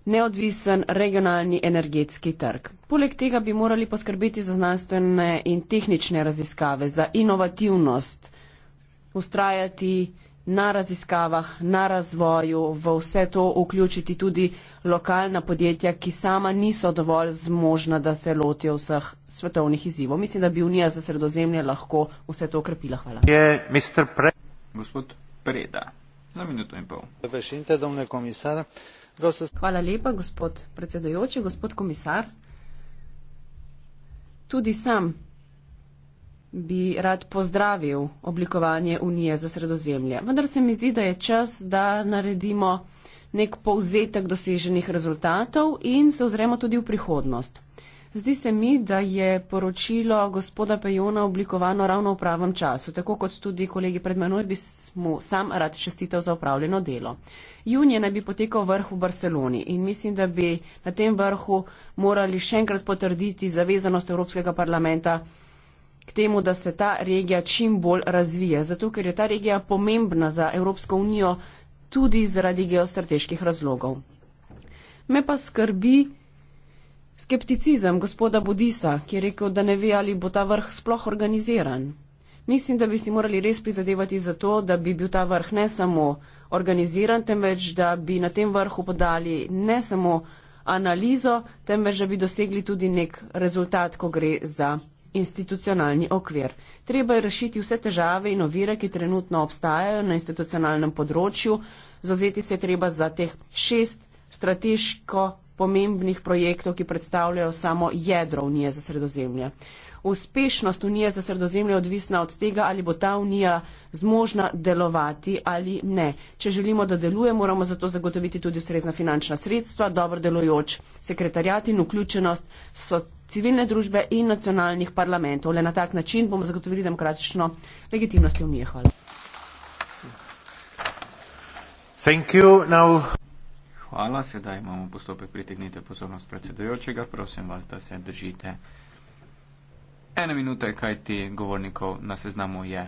neodvisen regionalni energetski trg. Poleg tega bi morali poskrbeti za znanstvene in tehnične raziskave, za inovativnost, ustrajati na raziskavah, na razvoju, v vse to vključiti tudi lokalna podjetja, ki sama niso dovolj zmožna, da se lotijo vseh svetovnih izzivov. Mislim, da bi Unija za sredozemlje lahko vse to okrepila. Hvala. Je mister Pre... Gospod Preda, za minuto in pol. Vešinte, domne komisar. Hvala lepa, gospod predsedojoči, gospod komisar. Tudi sam bi rad pozdravil oblikovanje Unije za sredozemlje. Vendar se mi zdi, da je čas, da naredimo nek povzetek doseženih rezultatov in se ozremo tudi v prihodnost. Zdi se mi, da je poročilo gospoda Pejona oblikovano ravno v pravem času, tako kot tudi kolegi pred menoj bi mu sam rad čestitev za upravljeno delo. Junije naj bi potekal vrh v Barceloni in mislim, da bi na tem vrhu morali še enkrat potrditi zavezanost Evropskega parlamenta k temu, da se ta regija čim bolj razvije, zato ker je ta regija pomembna za Evropsko unijo tudi zaradi geostrateških razlogov. Me pa skrbi skepticizem gospoda Bodisa, ki je rekel, da ne ve, ali bo ta vrh sploh organiziran. Mislim, da bi si morali res prizadevati za to, da bi bil ta vrh ne samo organiziran, temveč da bi na tem vrhu podali ne samo analizo, temveč da bi dosegli tudi nek rezultat, ko gre za institucionalni okvir. Treba je rešiti vse težave in ovire, ki trenutno obstajajo na institucionalnem področju. Zozeti se je treba za teh šest strateško pomembnih projektov, ki predstavljajo samo jedro unije za sredozemlje uspešnost unije za sredozemlje odvisna od tega, ali bo ta unija zmožna delovati ali ne. Če želimo, da deluje, moramo zato zagotoviti tudi ustrezna finančna sredstva, dobro delojoč sekretarjat in vključenost so civilne družbe in nacionalnih parlamentov. Le na tak način bomo zagotovili demokratično legitimnost unije. Hvala. Hvala, sedaj imamo postopek pritegnite pozornost predsedujočega. Prosim vas, da se držite ene minute, kajti govornikov na seznamu je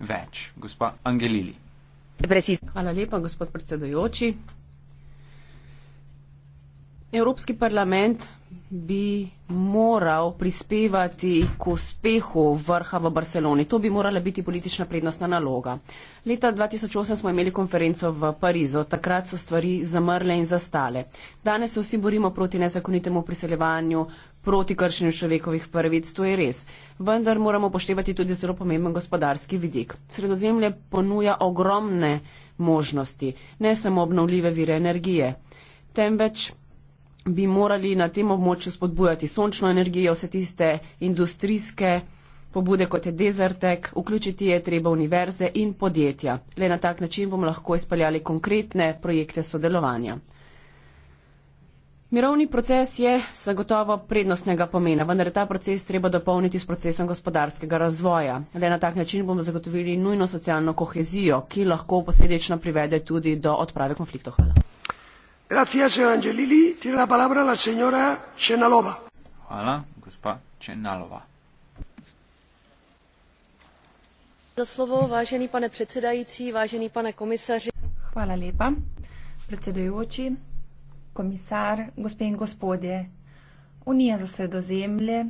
več. Gospa Angelili. Hvala lepa, gospod predsedojoči. Evropski parlament bi moral prispevati k uspehu vrha v Barceloni. To bi morala biti politična prednostna naloga. Leta 2008 smo imeli konferenco v Parizu. Takrat so stvari zamrle in zastale. Danes se vsi borimo proti nezakonitemu priseljevanju, proti kršenju človekovih prvic, to je res. Vendar moramo poštevati tudi zelo pomemben gospodarski vidik. Sredozemlje ponuja ogromne možnosti, ne samo obnovljive vire energije, temveč bi morali na tem območju spodbujati sončno energijo, vse tiste industrijske pobude, kot je Desertek, vključiti je treba univerze in podjetja. Le na tak način bomo lahko izpeljali konkretne projekte sodelovanja. Mirovni proces je zagotovo prednostnega pomena, vendar je ta proces treba dopolniti s procesom gospodarskega razvoja. Le na tak način bomo zagotovili nujno socialno kohezijo, ki lahko posledično privede tudi do odprave konfliktov. Hvala. Gracias, Angelili. Tiene la palabra la señora Chenalova. Hvala, gospa Chenalova. Za slovo, vážený pane predsedajúci, vážený pane komisaři. Hvala lepa, predsedujúci, komisar, gospe in gospodje. Unija za sredozemlje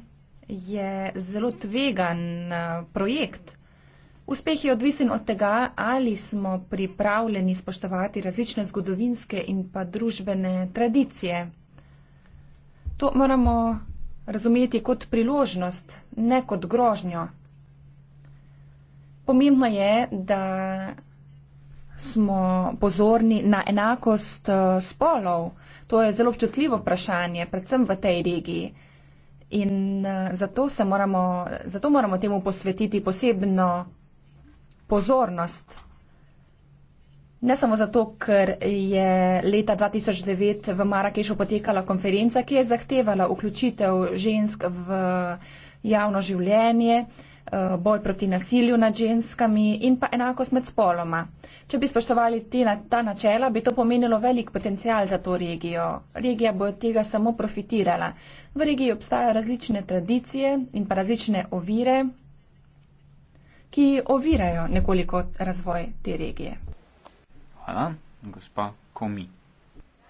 je zelo tvegan eh, projekt. Uspeh je odvisen od tega, ali smo pripravljeni spoštovati različne zgodovinske in pa družbene tradicije. To moramo razumeti kot priložnost, ne kot grožnjo. Pomembno je, da smo pozorni na enakost eh, spolov. To je zelo občutljivo vprašanje, predvsem v tej regiji. In eh, zato, moramo, zato moramo temu posvetiti posebno pozornost. Ne samo zato, ker je leta 2009 v Marakešu potekala konferenca, ki je zahtevala vključitev žensk v javno življenje, Eh, boj proti nasilju nad ženskami in pa enakost med spoloma. Če bi spoštovali te, ta načela, bi to pomenilo velik potencial za to regijo. Regija bo od tega samo profitirala. V regiji obstajajo različne tradicije in pa različne ovire, ki ovirajo nekoliko razvoj te regije. Hvala, gospa Komi.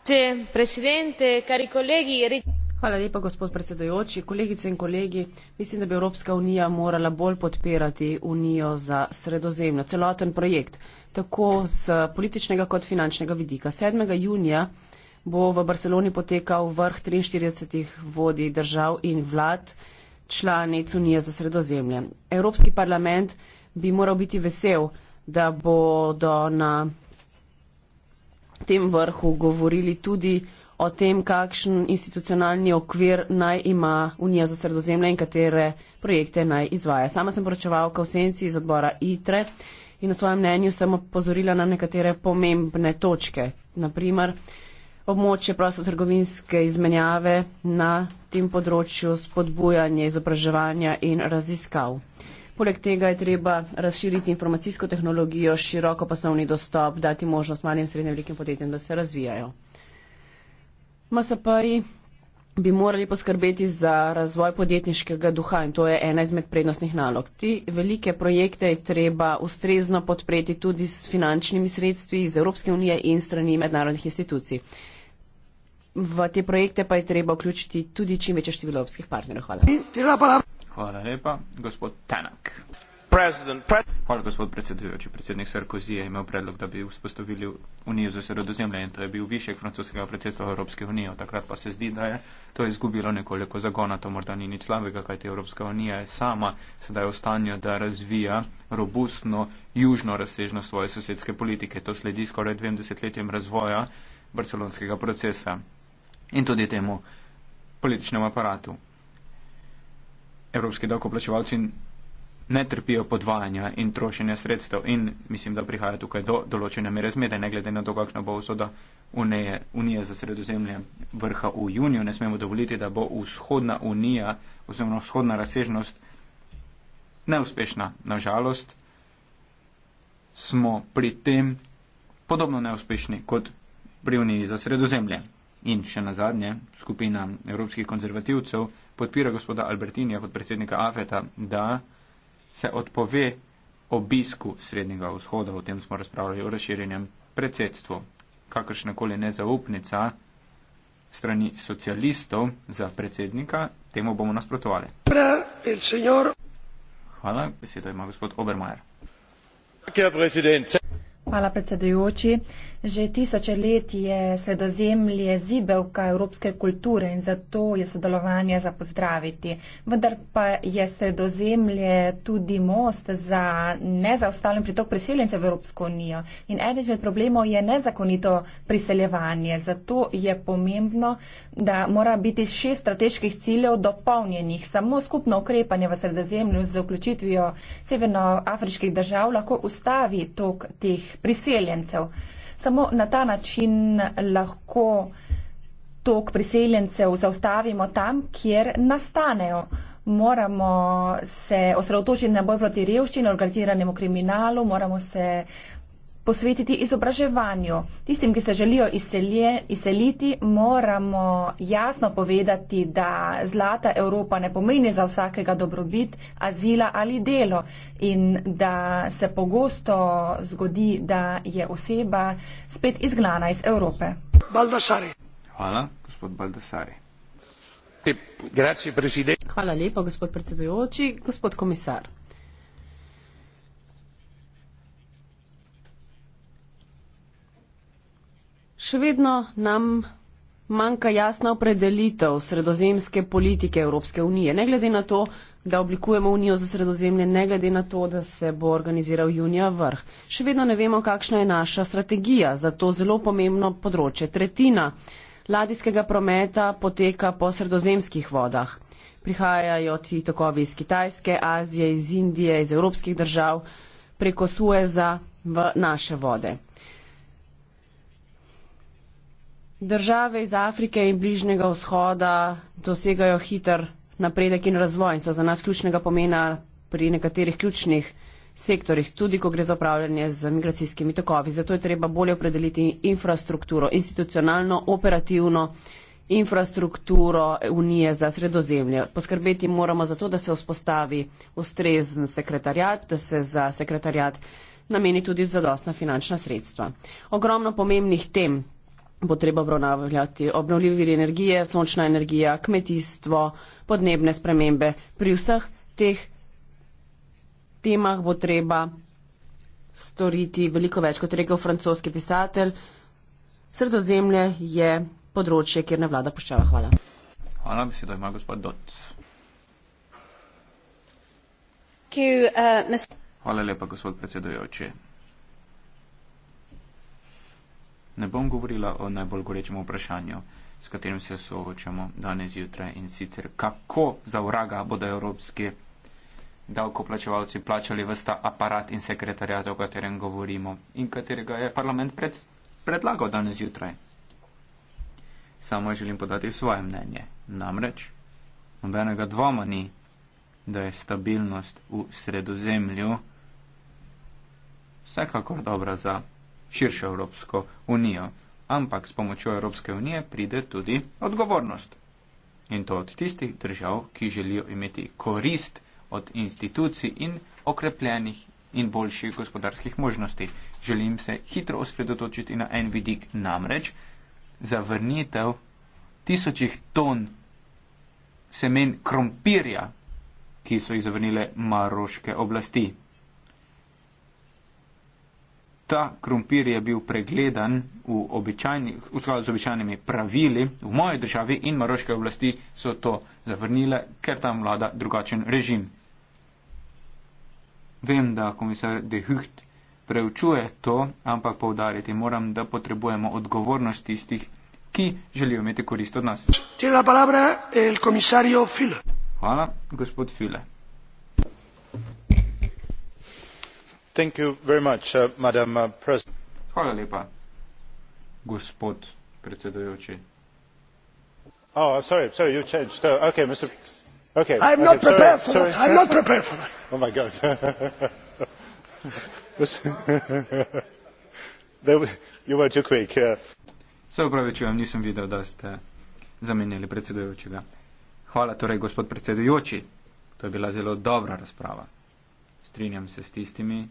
Če, predsednik, kari kolegi, rečemo. Hvala lepa, gospod predsedujoči. Kolegice in kolegi, mislim, da bi Evropska unija morala bolj podpirati unijo za sredozemljo, celoten projekt, tako z političnega kot finančnega vidika. 7. junija bo v Barceloni potekal vrh 43 vodi držav in vlad članic unije za sredozemlje. Evropski parlament bi moral biti vesel, da bodo na tem vrhu govorili tudi o o tem, kakšen institucionalni okvir naj ima Unija za sredozemlje in katere projekte naj izvaja. Sama sem poročevalka v senci iz odbora ITRE in na svojem mnenju sem opozorila na nekatere pomembne točke. Naprimer, območje prostotrgovinske izmenjave na tem področju spodbujanje izobraževanja in raziskav. Poleg tega je treba razširiti informacijsko tehnologijo, široko poslovni dostop, dati možnost malim in srednjim velikim podjetjem, da se razvijajo. MSP-ji bi morali poskrbeti za razvoj podjetniškega duha in to je ena izmed prednostnih nalog. Ti velike projekte je treba ustrezno podpreti tudi s finančnimi sredstvi iz Evropske unije in strani mednarodnih institucij. V te projekte pa je treba vključiti tudi čim večje število evropskih partnerjev. Hvala. Hvala lepa, gospod Tanak. Hvala, gospod predsedujoči. Predsednik Sarkozy je imel predlog, da bi vzpostavili unijo za sredozemlje in to je bil višek francoskega predsedstva Evropske unije. Takrat pa se zdi, da je to izgubilo nekoliko zagona. To morda ni nič slabega, kajti Evropska unija je sama sedaj v stanju, da razvija robustno južno razsežnost svoje sosedske politike. To sledi skoraj dvem desetletjem razvoja barcelonskega procesa in tudi temu političnemu aparatu. Evropski davkoplačevalci ne trpijo podvajanja in trošenja sredstev in mislim, da prihaja tukaj do določene mere zmede, ne glede na to, kakšna bo usoda Unije, Unije za sredozemlje vrha v juniju. Ne smemo dovoliti, da bo vzhodna Unija oziroma vzhodna razsežnost neuspešna. Nažalost smo pri tem podobno neuspešni kot pri Uniji za sredozemlje. In še na zadnje, skupina evropskih konzervativcev podpira gospoda Albertinja kot predsednika AFETA, da se odpove obisku Srednjega vzhoda, o tem smo razpravljali o razširjenem predsedstvu. Kakršnakoli nezaupnica strani socialistov za predsednika, temu bomo nasprotovali. Pre, il signor. Hvala, besedo ima gospod Obermajer. Hvala, predsedujoči. Že tisoče let je sredozemlje zibelka evropske kulture in zato je sodelovanje za pozdraviti. Vendar pa je sredozemlje tudi most za nezaustavljen pritok priseljencev v Evropsko unijo. In eden izmed problemov je nezakonito priseljevanje. Zato je pomembno, da mora biti šest strateških ciljev dopolnjenih. Samo skupno ukrepanje v sredozemlju z vključitvijo severnoafriških držav lahko ustavi tok teh priseljencev samo na ta način lahko tok priseljencev zaustavimo tam, kjer nastanejo. Moramo se osredotočiti na boj proti revščini, organiziranemu kriminalu, moramo se posvetiti izobraževanju. Tistim, ki se želijo izselje, izseliti, moramo jasno povedati, da zlata Evropa ne pomeni za vsakega dobrobit, azila ali delo in da se pogosto zgodi, da je oseba spet izgnana iz Evrope. Baldasari. Hvala, gospod Baldasari. Hvala lepa, gospod predsedujoči, gospod komisar. Še vedno nam manjka jasna opredelitev sredozemske politike Evropske unije. Ne glede na to, da oblikujemo unijo za sredozemlje, ne glede na to, da se bo organiziral junija vrh. Še vedno ne vemo, kakšna je naša strategija za to zelo pomembno področje. Tretjina ladijskega prometa poteka po sredozemskih vodah. Prihajajo ti tokovi iz Kitajske, Azije, iz Indije, iz evropskih držav, preko Sueza v naše vode. Države iz Afrike in Bližnjega vzhoda dosegajo hiter napredek in razvoj in so za nas ključnega pomena pri nekaterih ključnih sektorjih, tudi ko gre za upravljanje z migracijskimi tokovi. Zato je treba bolje opredeliti infrastrukturo, institucionalno, operativno infrastrukturo Unije za sredozemlje. Poskrbeti moramo za to, da se vzpostavi ustrezen sekretarjat, da se za sekretarjat nameni tudi zadostna finančna sredstva. Ogromno pomembnih tem bo treba obravnavljati obnovljivi viri energije, sončna energija, kmetijstvo, podnebne spremembe. Pri vseh teh temah bo treba storiti veliko več, kot je rekel francoski pisatelj. Sredozemlje je področje, kjer ne vlada poščava. Hvala. Hvala, besedo ima gospod Dot. Uh, Hvala lepa, gospod predsedujoči. ne bom govorila o najbolj gorečem vprašanju, s katerim se soočamo danes zjutraj in sicer kako za vraga bodo evropski davkoplačevalci plačali vsta aparat in sekretarjat, o katerem govorimo in katerega je parlament pred, predlagal danes zjutraj. Samo želim podati svoje mnenje. Namreč, nobenega dvoma ni, da je stabilnost v sredozemlju vsekakor dobra za širšo Evropsko unijo. Ampak s pomočjo Evropske unije pride tudi odgovornost. In to od tistih držav, ki želijo imeti korist od institucij in okrepljenih in boljših gospodarskih možnosti. Želim se hitro osredotočiti na en vidik, namreč zavrnitev tisočih ton semen krompirja, ki so jih zavrnile maroške oblasti. Ta krompir je bil pregledan v, v skladu z običajnimi pravili v moji državi in maroške oblasti so to zavrnile, ker tam vlada drugačen režim. Vem, da komisar De Hucht preučuje to, ampak povdariti moram, da potrebujemo odgovornost tistih, ki želijo imeti korist od nas. Hvala, gospod File. Uh, uh, hvala lepa gospod predsedujoči se opravičujem nisem videl da ste zamenjali predsedujočega hvala torej gospod predsedujoči to je bila zelo dobra razprava strinjam se s tistimi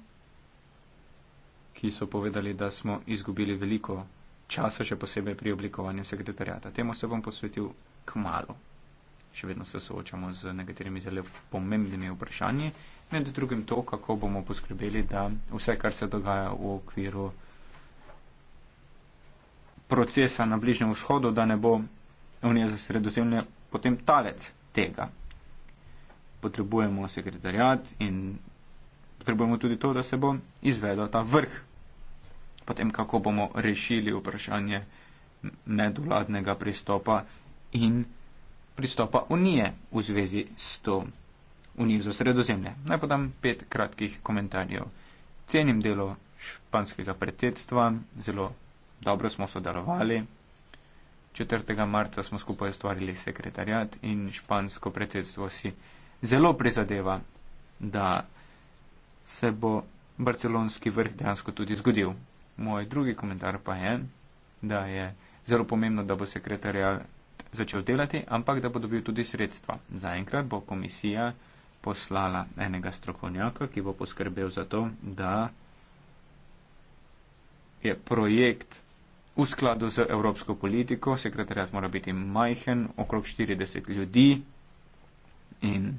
ki so povedali, da smo izgubili veliko časa, še posebej pri oblikovanju sekretarjata. Temu se bom posvetil k malu. Še vedno se soočamo z nekaterimi zelo pomembnimi vprašanji, med drugim to, kako bomo poskrbeli, da vse, kar se dogaja v okviru procesa na Bližnem vzhodu, da ne bo Unija za sredozemlje potem talec tega. Potrebujemo sekretarjat in potrebujemo tudi to, da se bo izvedel ta vrh. Potem, kako bomo rešili vprašanje nedoladnega pristopa in pristopa Unije v zvezi s to Unijo za sredozemlje. Naj podam pet kratkih komentarjev. Cenim delo španskega predsedstva, zelo dobro smo sodelovali. 4. marca smo skupaj ustvarili sekretarjat in špansko predsedstvo si zelo prizadeva, da se bo barcelonski vrh dejansko tudi zgodil. Moj drugi komentar pa je, da je zelo pomembno, da bo sekretarjat začel delati, ampak da bo dobil tudi sredstva. Zaenkrat bo komisija poslala enega strokovnjaka, ki bo poskrbel za to, da je projekt v skladu z evropsko politiko. Sekretarjat mora biti majhen, okrog 40 ljudi in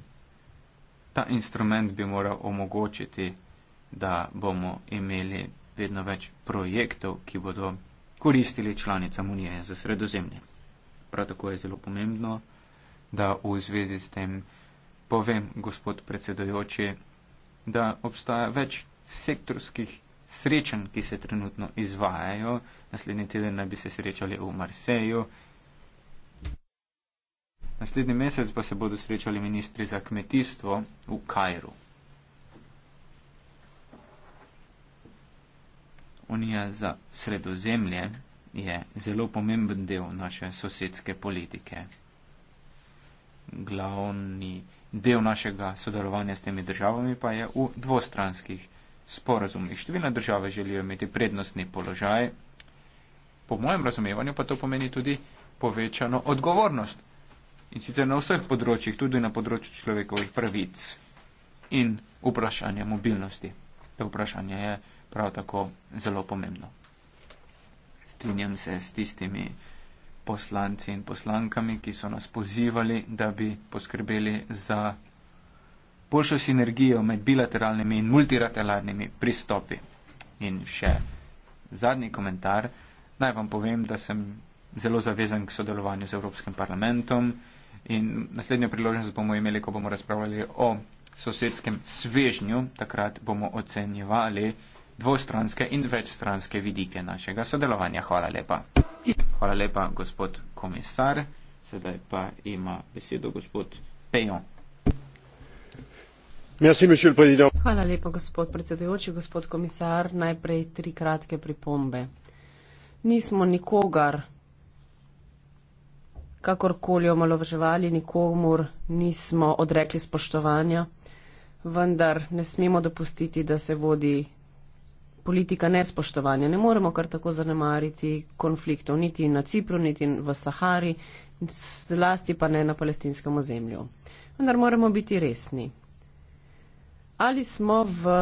ta instrument bi moral omogočiti, da bomo imeli vedno več projektov, ki bodo koristili članicam Unije za sredozemlje. Prav tako je zelo pomembno, da v zvezi s tem povem, gospod predsedojoči, da obstaja več sektorskih srečanj, ki se trenutno izvajajo. Naslednji teden naj bi se srečali v Marseju, Naslednji mesec pa se bodo srečali ministri za kmetijstvo v Kajru. Unija za sredozemlje je zelo pomemben del naše sosedske politike. Glavni del našega sodelovanja s temi državami pa je v dvostranskih sporazumih. Številne države želijo imeti prednostni položaj, po mojem razumevanju pa to pomeni tudi povečano odgovornost in sicer na vseh področjih, tudi na področju človekovih pravic in vprašanja mobilnosti. To vprašanje je prav tako zelo pomembno. Strinjam se s tistimi poslanci in poslankami, ki so nas pozivali, da bi poskrbeli za boljšo sinergijo med bilateralnimi in multilateralnimi pristopi. In še zadnji komentar. Naj vam povem, da sem zelo zavezan k sodelovanju z Evropskim parlamentom. In naslednjo priložnost bomo imeli, ko bomo razpravljali o sosedskem svežnju, takrat bomo ocenjevali dvostranske in večstranske vidike našega sodelovanja. Hvala lepa. Hvala lepa, gospod komisar. Sedaj pa ima besedo gospod Pejon. Hvala lepa, gospod predsedujoči, gospod komisar. Najprej tri kratke pripombe. Nismo nikogar kakorkoli omalovaževali nikomur, nismo odrekli spoštovanja, vendar ne smemo dopustiti, da se vodi politika nespoštovanja. Ne moremo kar tako zanemariti konfliktov, niti na Cipru, niti v Sahari, zlasti pa ne na palestinskem ozemlju. Vendar moramo biti resni. Ali smo v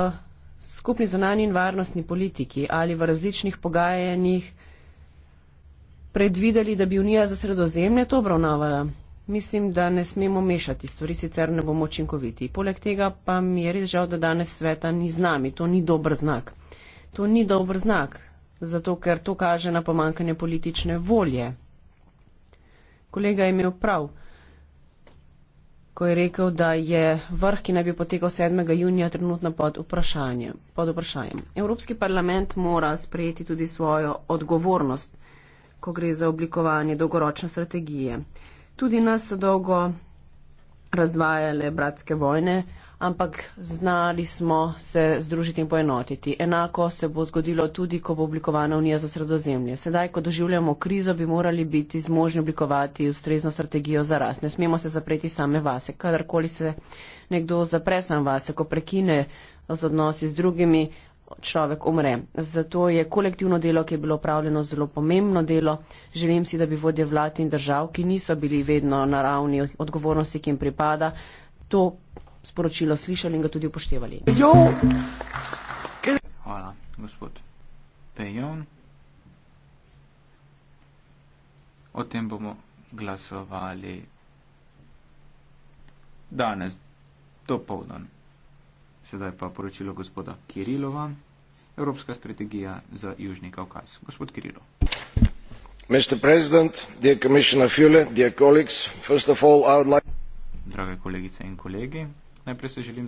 skupni zonani in varnostni politiki ali v različnih pogajanjih, predvideli, da bi Unija za sredozemlje to obravnavala. Mislim, da ne smemo mešati stvari, sicer ne bomo učinkoviti. Poleg tega pa mi je res žal, da danes sveta ni z nami. To ni dober znak. To ni dober znak, zato ker to kaže na pomankanje politične volje. Kolega je imel prav, ko je rekel, da je vrh, ki naj bi potekal 7. junija, trenutno pod, pod vprašanjem. Evropski parlament mora sprejeti tudi svojo odgovornost ko gre za oblikovanje dolgoročne strategije. Tudi nas so dolgo razdvajale bratske vojne, ampak znali smo se združiti in poenotiti. Enako se bo zgodilo tudi, ko bo oblikovana Unija za sredozemlje. Sedaj, ko doživljamo krizo, bi morali biti zmožni oblikovati ustrezno strategijo za rast. Ne smemo se zapreti same vase. Kadarkoli se nekdo zapre sam vase, ko prekine z odnosi z drugimi, človek umre. Zato je kolektivno delo, ki je bilo upravljeno, zelo pomembno delo. Želim si, da bi vodje vlad in držav, ki niso bili vedno na ravni odgovornosti, ki jim pripada, to sporočilo slišali in ga tudi upoštevali. Hvala, gospod Pejon. O tem bomo glasovali danes, to povdan. Sedaj pa poročilo gospoda Kirilova evropska strategija za Južni Kaukaz. Gospod Kirilo. Mr. President, dear Commissioner Fule, dear colleagues, first of all, I would like. Drage kolegice in kolegi, najprej se želim